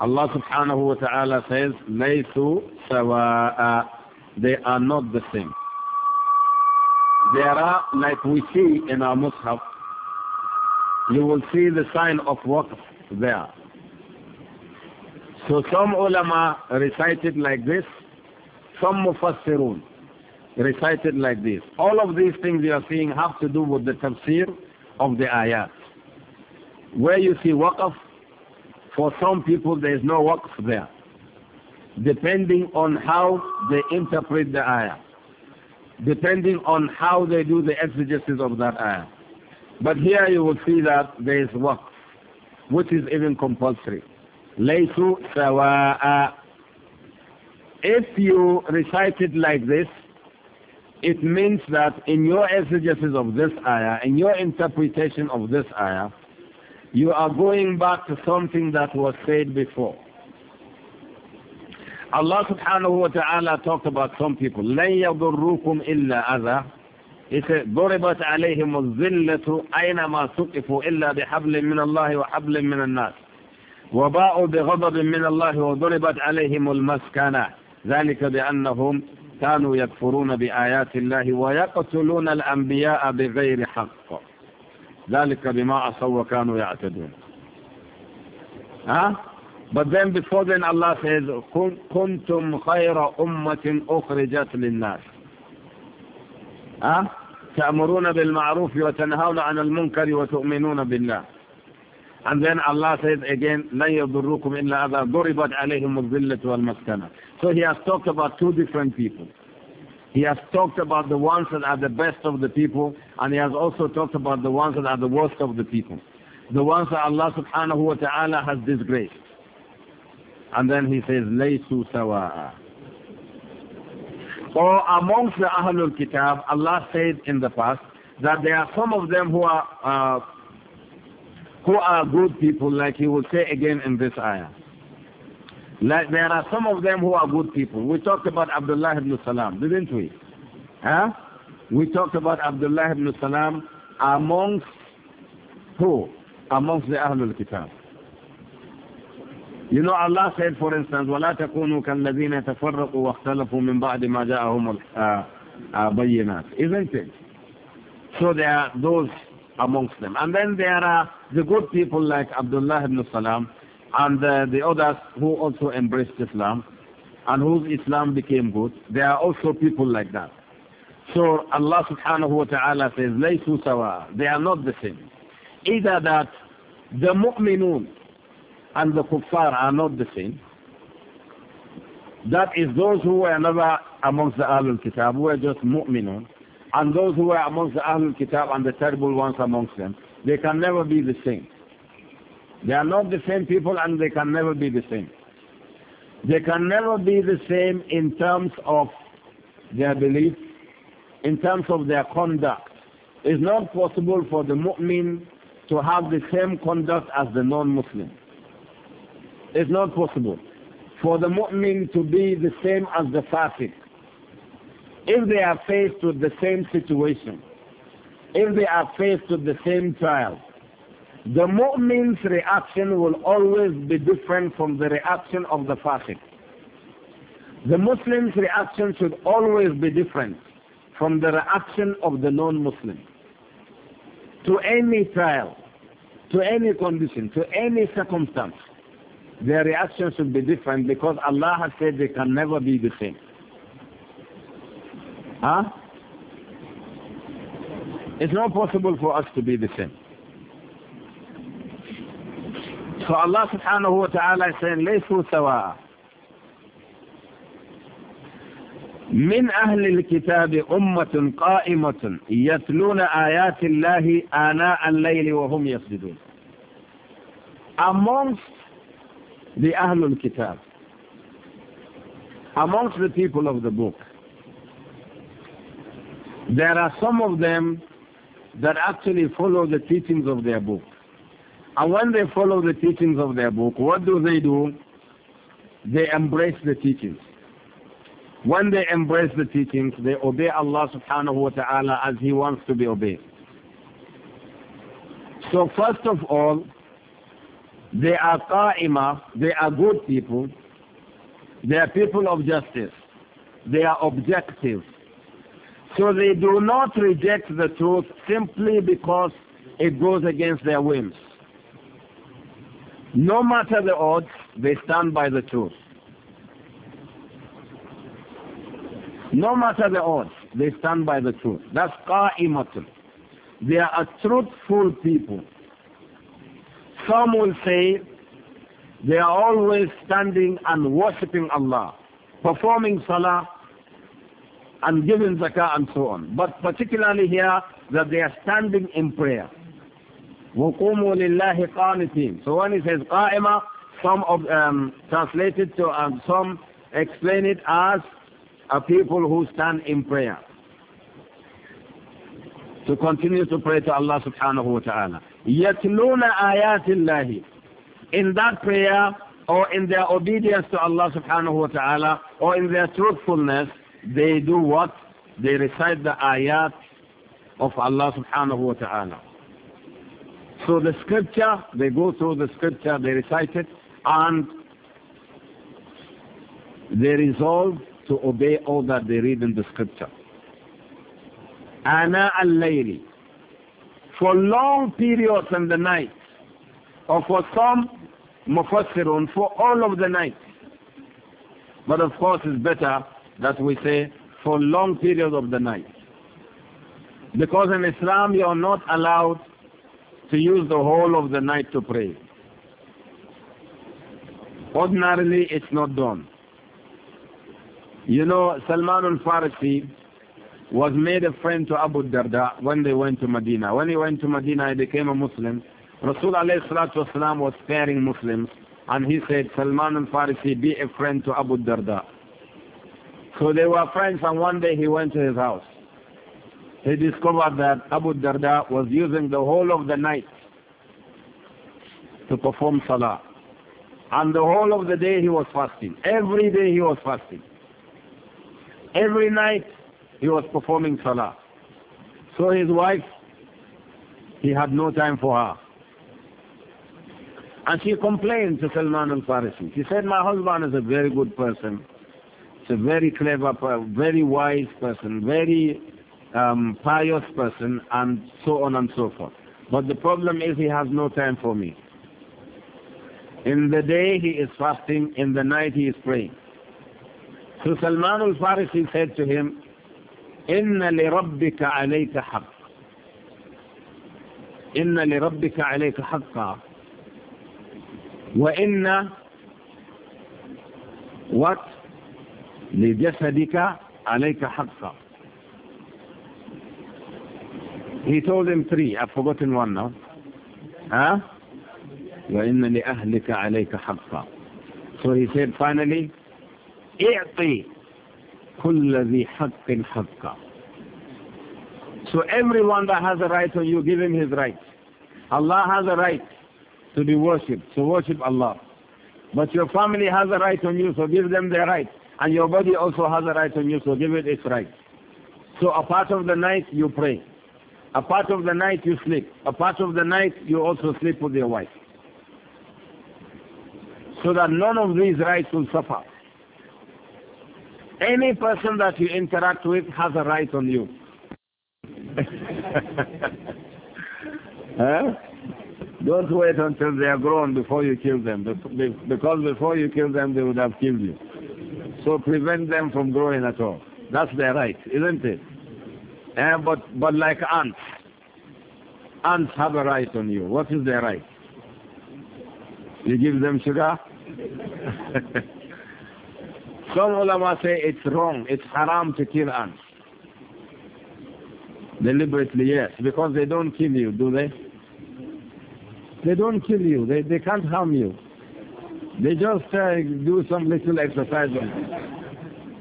Allah subhanahu wa ta'ala says, لَيْسُوا سَوَاءً They are not the same. There are, like we see in our Mus'haf, you will see the sign of waqf there. So some ulama recited like this, some mufassirun recited like this. All of these things you are seeing have to do with the tafsir of the ayat. Where you see waqf, for some people there is no waqf there, depending on how they interpret the ayah, depending on how they do the exegesis of that ayah. But here you will see that there is waqf, which is even compulsory. Laysu sawa'a. If you recite it like this, it means that in your exegesis of this ayah, in your interpretation of this ayah, you are going back to something that was said before. Allah subhanahu wa ta'ala talked about some people. لَن يَضُرُّكُمْ إِلَّا أَذَى He said, ضُرِبَتْ عَلَيْهِمُ الظِّلَّةُ أَيْنَمَا سُقِفُوا إِلَّا بِحَبْلٍ مِّنَ اللَّهِ وَحَبْلٍ مِّنَ النَّاسِ وباءوا بغضب من الله وضربت عليهم المسكنة ذلك بأنهم كانوا يكفرون بآيات الله ويقتلون الأنبياء بغير حق ذلك بما عصوا وكانوا يعتدون ها But then before then Allah says كنتم خير أمة أخرجت للناس ها تأمرون بالمعروف وتنهون عن المنكر وتؤمنون بالله And then Allah says again, لَنْ إِلَّا أَذَى ضُرِبَتْ عَلَيْهِمُ الظِّلَّةُ وَالْمَسْكَنَةُ So he has talked about two different people. He has talked about the ones that are the best of the people, and he has also talked about the ones that are the worst of the people. The ones that Allah subhanahu wa ta'ala has disgraced. And then he says, لَيْسُوا سَوَاءً Or amongst the Ahlul Kitab, Allah said in the past that there are some of them who are... Uh, who are good people, like he will say again in this ayah. Like there are some of them who are good people. We talked about Abdullah ibn Salam, didn't we? Huh? We talked about Abdullah ibn Salam amongst who? Amongst the Ahlul Kitab. You know, Allah said, for instance, وَلَا تَكُونُوا كَالَّذِينَ تَفَرَّقُوا وَاخْتَلَفُوا مِنْ بَعْدِ مَا جَاءَهُمُ الْبَيِّنَاتِ Isn't it? So there are those amongst them. And then there are the good people like Abdullah ibn Salam and the others who also embraced Islam and whose Islam became good. There are also people like that. So Allah subhanahu wa ta'ala says, لَيْسُوا سَوَاءً They are not the same. Either that the mu'minun and the kuffar are not the same. That is those who were never amongst the Ahlul Kitab, who were just mu'minun and those who were amongst the Ahlul Kitab and the terrible ones amongst them, they can never be the same. They are not the same people and they can never be the same. They can never be the same in terms of their belief, in terms of their conduct. It's not possible for the mu'min to have the same conduct as the non-Muslim. It's not possible for the mu'min to be the same as the fasiq if they are faced with the same situation, if they are faced with the same trial, the mu'min's reaction will always be different from the reaction of the fasiq. The Muslim's reaction should always be different from the reaction of the non-Muslim. To any trial, to any condition, to any circumstance, their reaction should be different because Allah has said they can never be the same. Huh? It's not possible for us to be the same. So Allah subhanahu wa ta'ala is saying, لَيْسُوا سَوَاءً من أهل الكتاب أمة قائمة يتلون آيات الله آناء الليل وهم يسجدون amongst the Ahlul Kitab amongst the people of the book there are some of them that actually follow the teachings of their book. And when they follow the teachings of their book, what do they do? They embrace the teachings. When they embrace the teachings, they obey Allah subhanahu wa ta'ala as He wants to be obeyed. So first of all, they are qa'imah, they are good people, they are people of justice, they are objective, so they do not reject the truth simply because it goes against their whims. No matter the odds, they stand by the truth. No matter the odds, they stand by the truth. That's qa'imatun. They are a truthful people. Some will say they are always standing and worshipping Allah, performing salah, and giving zakah and so on. But particularly here, that they are standing in prayer. وَقُومُوا لِلَّهِ قَانِتِينَ So when it says qa'ima, some of, um, translated to, um, some explain it as a people who stand in prayer. To continue to pray to Allah subhanahu wa ta'ala. يَتْلُونَ آيَاتِ اللَّهِ In that prayer, or in their obedience to Allah subhanahu wa ta'ala, or in their truthfulness, they do what? They recite the ayat of Allah subhanahu wa ta'ala. So the scripture, they go through the scripture, they recite it, and they resolve to obey all that they read in the scripture. Ana al-layli. For long periods in the night, or for some mufassirun, for all of the night. But of course it's better that we say for long periods of the night. Because in Islam you are not allowed to use the whole of the night to pray. Ordinarily it's not done. You know, Salman al-Farsi was made a friend to Abu Darda when they went to Medina. When he went to Medina, he became a Muslim. Rasul was sparing Muslims and he said, Salman al-Farisi, be a friend to Abu Darda. So they were friends and one day he went to his house. He discovered that Abu Darda was using the whole of the night to perform salah. And the whole of the day he was fasting. Every day he was fasting. Every night he was performing salah. So his wife, he had no time for her. And she complained to Salman al-Farisi. She said, my husband is a very good person a very clever, very wise person, very um, pious person, and so on and so forth. But the problem is he has no time for me. In the day he is fasting, in the night he is praying. So Salman al-Farisi said to him, إِنَّ لِرَبِّكَ عَلَيْكَ حَقٍّ إِنَّ لِرَبِّكَ عَلَيْكَ حَقًّا وَإِنَّ what لجسدك عليك حقا He told him three. I've forgotten one now. Huh? وإن لأهلك عليك حقا So he said finally, اعطي كل ذي حق حقا So everyone that has a right on you, give him his right. Allah has a right to be worshipped, so worship Allah. But your family has a right on you, so give them their right. And your body also has a right on you, so give it its right. So a part of the night you pray. A part of the night you sleep. A part of the night you also sleep with your wife. So that none of these rights will suffer. Any person that you interact with has a right on you. huh? Don't wait until they are grown before you kill them, because before you kill them, they would have killed you. To prevent them from growing at all. That's their right, isn't it? Eh, but, but like ants. Ants have a right on you. What is their right? You give them sugar? Some ulama say it's wrong, it's haram to kill ants. Deliberately, yes, because they don't kill you, do they? They don't kill you, they, they can't harm you. They just uh, do some little exercise.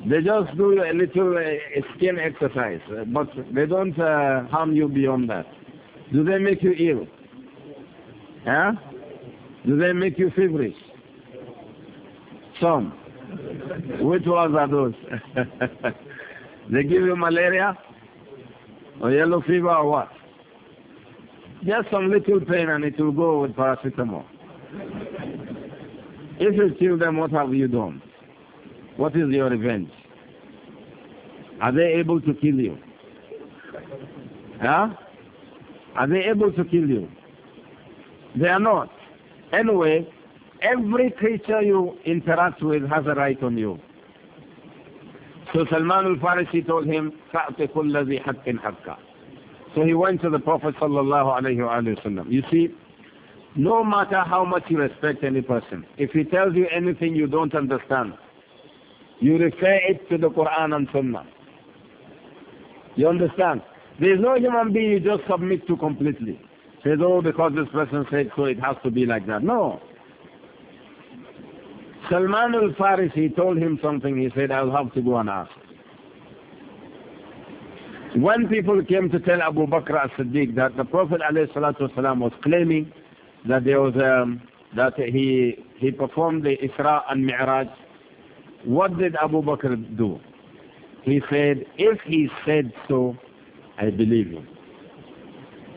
They just do a little uh, skin exercise, but they don't uh, harm you beyond that. Do they make you ill? Huh? Do they make you feverish? Some. Which ones are those? they give you malaria or yellow fever or what? Just some little pain and it will go with paracetamol. If you kill them, what have you done? What is your revenge? Are they able to kill you? Huh? Are they able to kill you? They are not. Anyway, every creature you interact with has a right on you. So Salman al-Farisi told him, So he went to the Prophet sallallahu alayhi wa You see, no matter how much you respect any person, if he tells you anything you don't understand, you refer it to the Quran and Sunnah. You understand? There is no human being you just submit to completely. Says, oh, because this person said so, it has to be like that. No. Salman al-Farisi told him something. He said, I'll have to go and ask. When people came to tell Abu Bakr as-Siddiq that the Prophet ﷺ was claiming that there was um, that he he performed the Isra and Mi'raj. What did Abu Bakr do? He said, if he said so, I believe him.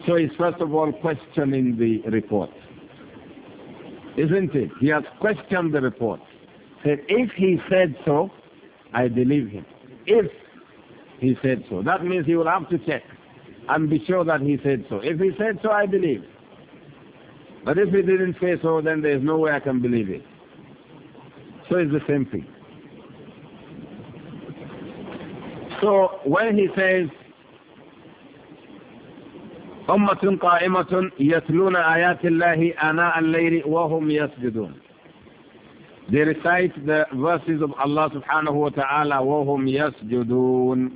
So he's first of all questioning the report. Isn't it? He has questioned the report. Said, if he said so, I believe him. If he said so. That means he will have to check and be sure that he said so. If he said so, I believe. But if he didn't say so, then there is no way I can believe it. So it's the same thing. So when he says, أمة قائمة يتلون آيات الله آناء الليل وهم يسجدون They recite the verses of Allah subhanahu wa ta'ala وهم يسجدون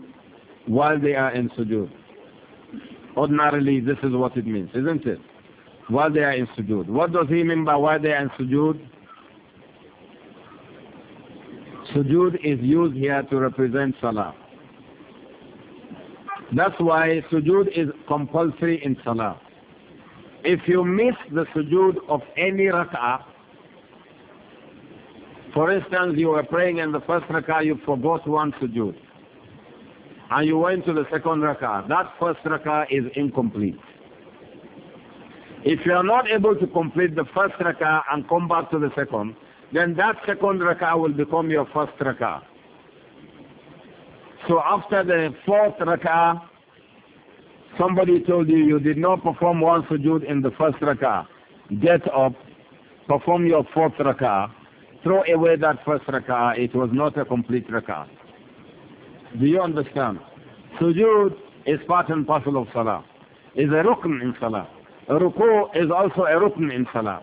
while they are in sujood. Ordinarily this is what it means, isn't it? Why they are in sujood. What does he mean by why they are in sujood? Sujood is used here to represent salah. That's why sujood is compulsory in salah. If you miss the sujood of any rak'ah, for instance, you were praying in the first rak'ah you forgot one sujood, and you went to the second rak'ah, that first rak'ah is incomplete. If you are not able to complete the first rak'ah and come back to the second, then that second rak'ah will become your first rak'ah. So after the fourth rak'ah, somebody told you you did not perform one sujood in the first rak'ah. Get up, perform your fourth rak'ah, throw away that first rak'ah. It was not a complete rak'ah. Do you understand? Sujood is part and parcel of salah. Is a rukn in salah. Ruku is also a rukn in salah.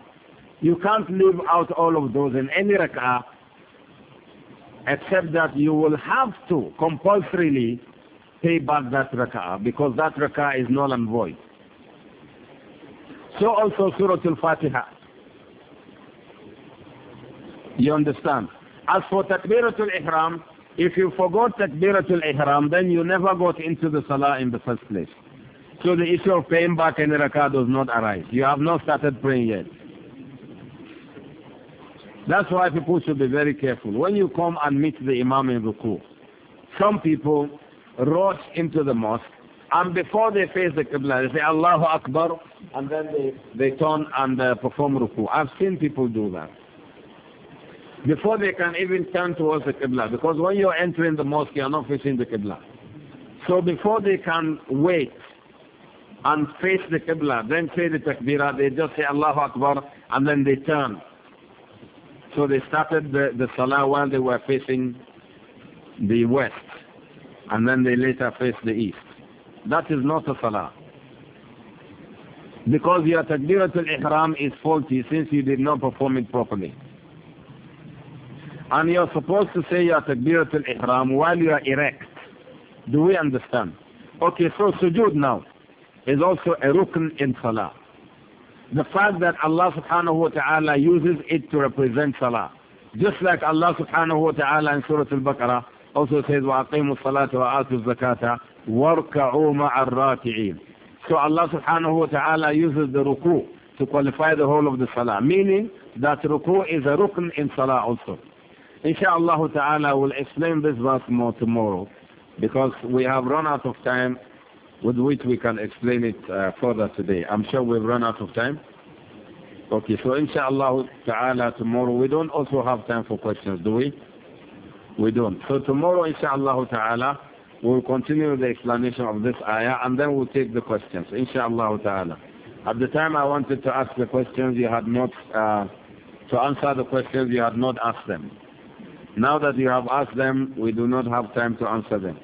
You can't leave out all of those in any rak'ah except that you will have to compulsorily pay back that rak'ah because that rak'ah is null and void. So also Surah Al-Fatiha. You understand? As for Takbiratul Ihram, if you forgot Takbiratul Ihram, then you never got into the Salah in the first place. So the issue of paying back any rakah does not arise. You have not started praying yet. That's why people should be very careful. When you come and meet the Imam in Ruku, some people rush into the mosque and before they face the Qibla, they say Allahu Akbar and then they, they turn and uh, perform Ruku. I've seen people do that. Before they can even turn towards the Qibla, because when you're entering the mosque, you're not facing the Qibla. So before they can wait and face the Qibla, then say the Takbirah, they just say Allahu Akbar and then they turn. So they started the, the Salah while they were facing the west and then they later faced the east. That is not a Salah. Because your Takbiratul Ihram is faulty since you did not perform it properly. And you're supposed to say your Takbiratul Ihram while you are erect. Do we understand? Okay, so sujood now is also a rukn in salah. The fact that Allah subhanahu wa ta'ala uses it to represent salah. Just like Allah subhanahu wa ta'ala in Surah Al-Baqarah also says, وَأَقِيمُوا الصَّلَاةَ وَآتُوا الزَّكَاةَ وَارْكَعُوا مَعَ الرَّاكِعِينَ So Allah subhanahu wa ta'ala uses the ruku to qualify the whole of the salah. Meaning that ruku is a rukn in salah also. Inshallah ta'ala will explain this verse more tomorrow because we have run out of time with which we can explain it uh, further today. I'm sure we've run out of time. Okay, so inshallah ta'ala tomorrow, we don't also have time for questions, do we? We don't. So tomorrow inshallah ta'ala, we'll continue the explanation of this ayah and then we'll take the questions, inshallah ta'ala. At the time I wanted to ask the questions, you had not, uh, to answer the questions, you had not asked them. Now that you have asked them, we do not have time to answer them.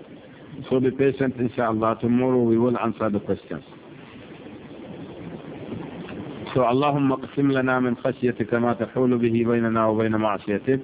for the patient, inshallah. Tomorrow we will answer the questions. So, اللهم اقسم لنا من خشيتك ما تحول به بيننا وبين معصيتك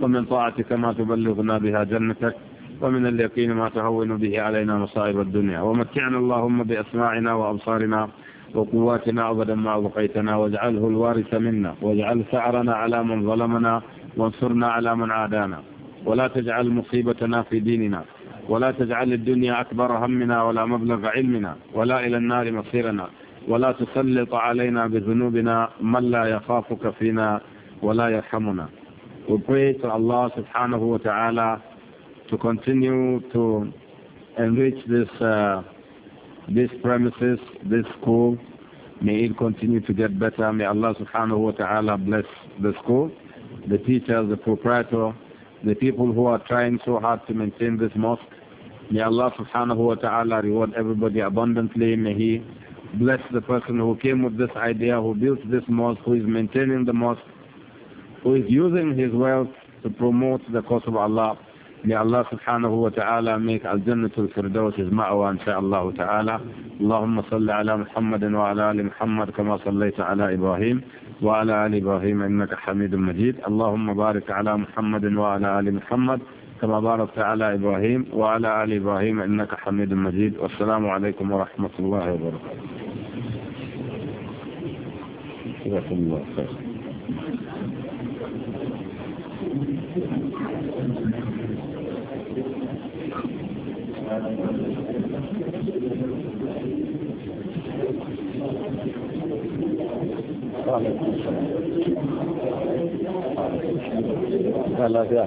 ومن طاعتك ما تبلغنا بها جنتك ومن اليقين ما تهون به علينا مصائب الدنيا ومتعنا اللهم بأسماعنا وأبصارنا وقواتنا أبدا ما أبقيتنا واجعله الوارث منا واجعل ثأرنا على من ظلمنا وانصرنا على من عادانا ولا تجعل مصيبتنا في ديننا ولا تجعل الدنيا أكبر همنا ولا مبلغ علمنا ولا إلى النار مصيرنا ولا تسلط علينا بذنوبنا من لا يخافك فينا ولا يرحمنا We pray to Allah subhanahu wa ta'ala to continue to enrich this uh, this premises, this school. May it continue to get better. May Allah subhanahu wa ta'ala bless the school, the teachers, the proprietor, the people who are trying so hard to maintain this mosque. May Allah subhanahu wa ta'ala reward everybody abundantly. May He bless the person who came with this idea, who built this mosque, who is maintaining the mosque, who is using his wealth to promote the cause of Allah. May Allah subhanahu wa ta'ala make Al-Jannatul Firdaus his ma'wa insha'Allah ta'ala. Allahumma salli ala Muhammadin wa ala ali Muhammad kama sallaita ala Ibrahim wa ala ali Ibrahim innaka Hamidun Majid. Allahumma barik ala Muhammadin wa ala ali Muhammad. كما باركت على إبراهيم وعلى آل إبراهيم إنك حميد مجيد والسلام عليكم ورحمة الله وبركاته جزاكم الله خير لا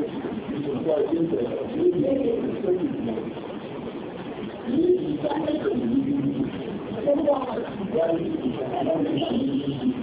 要精准，你没有这个能力；你以三个字，你没有能力；你什么话，你没有能力去喊。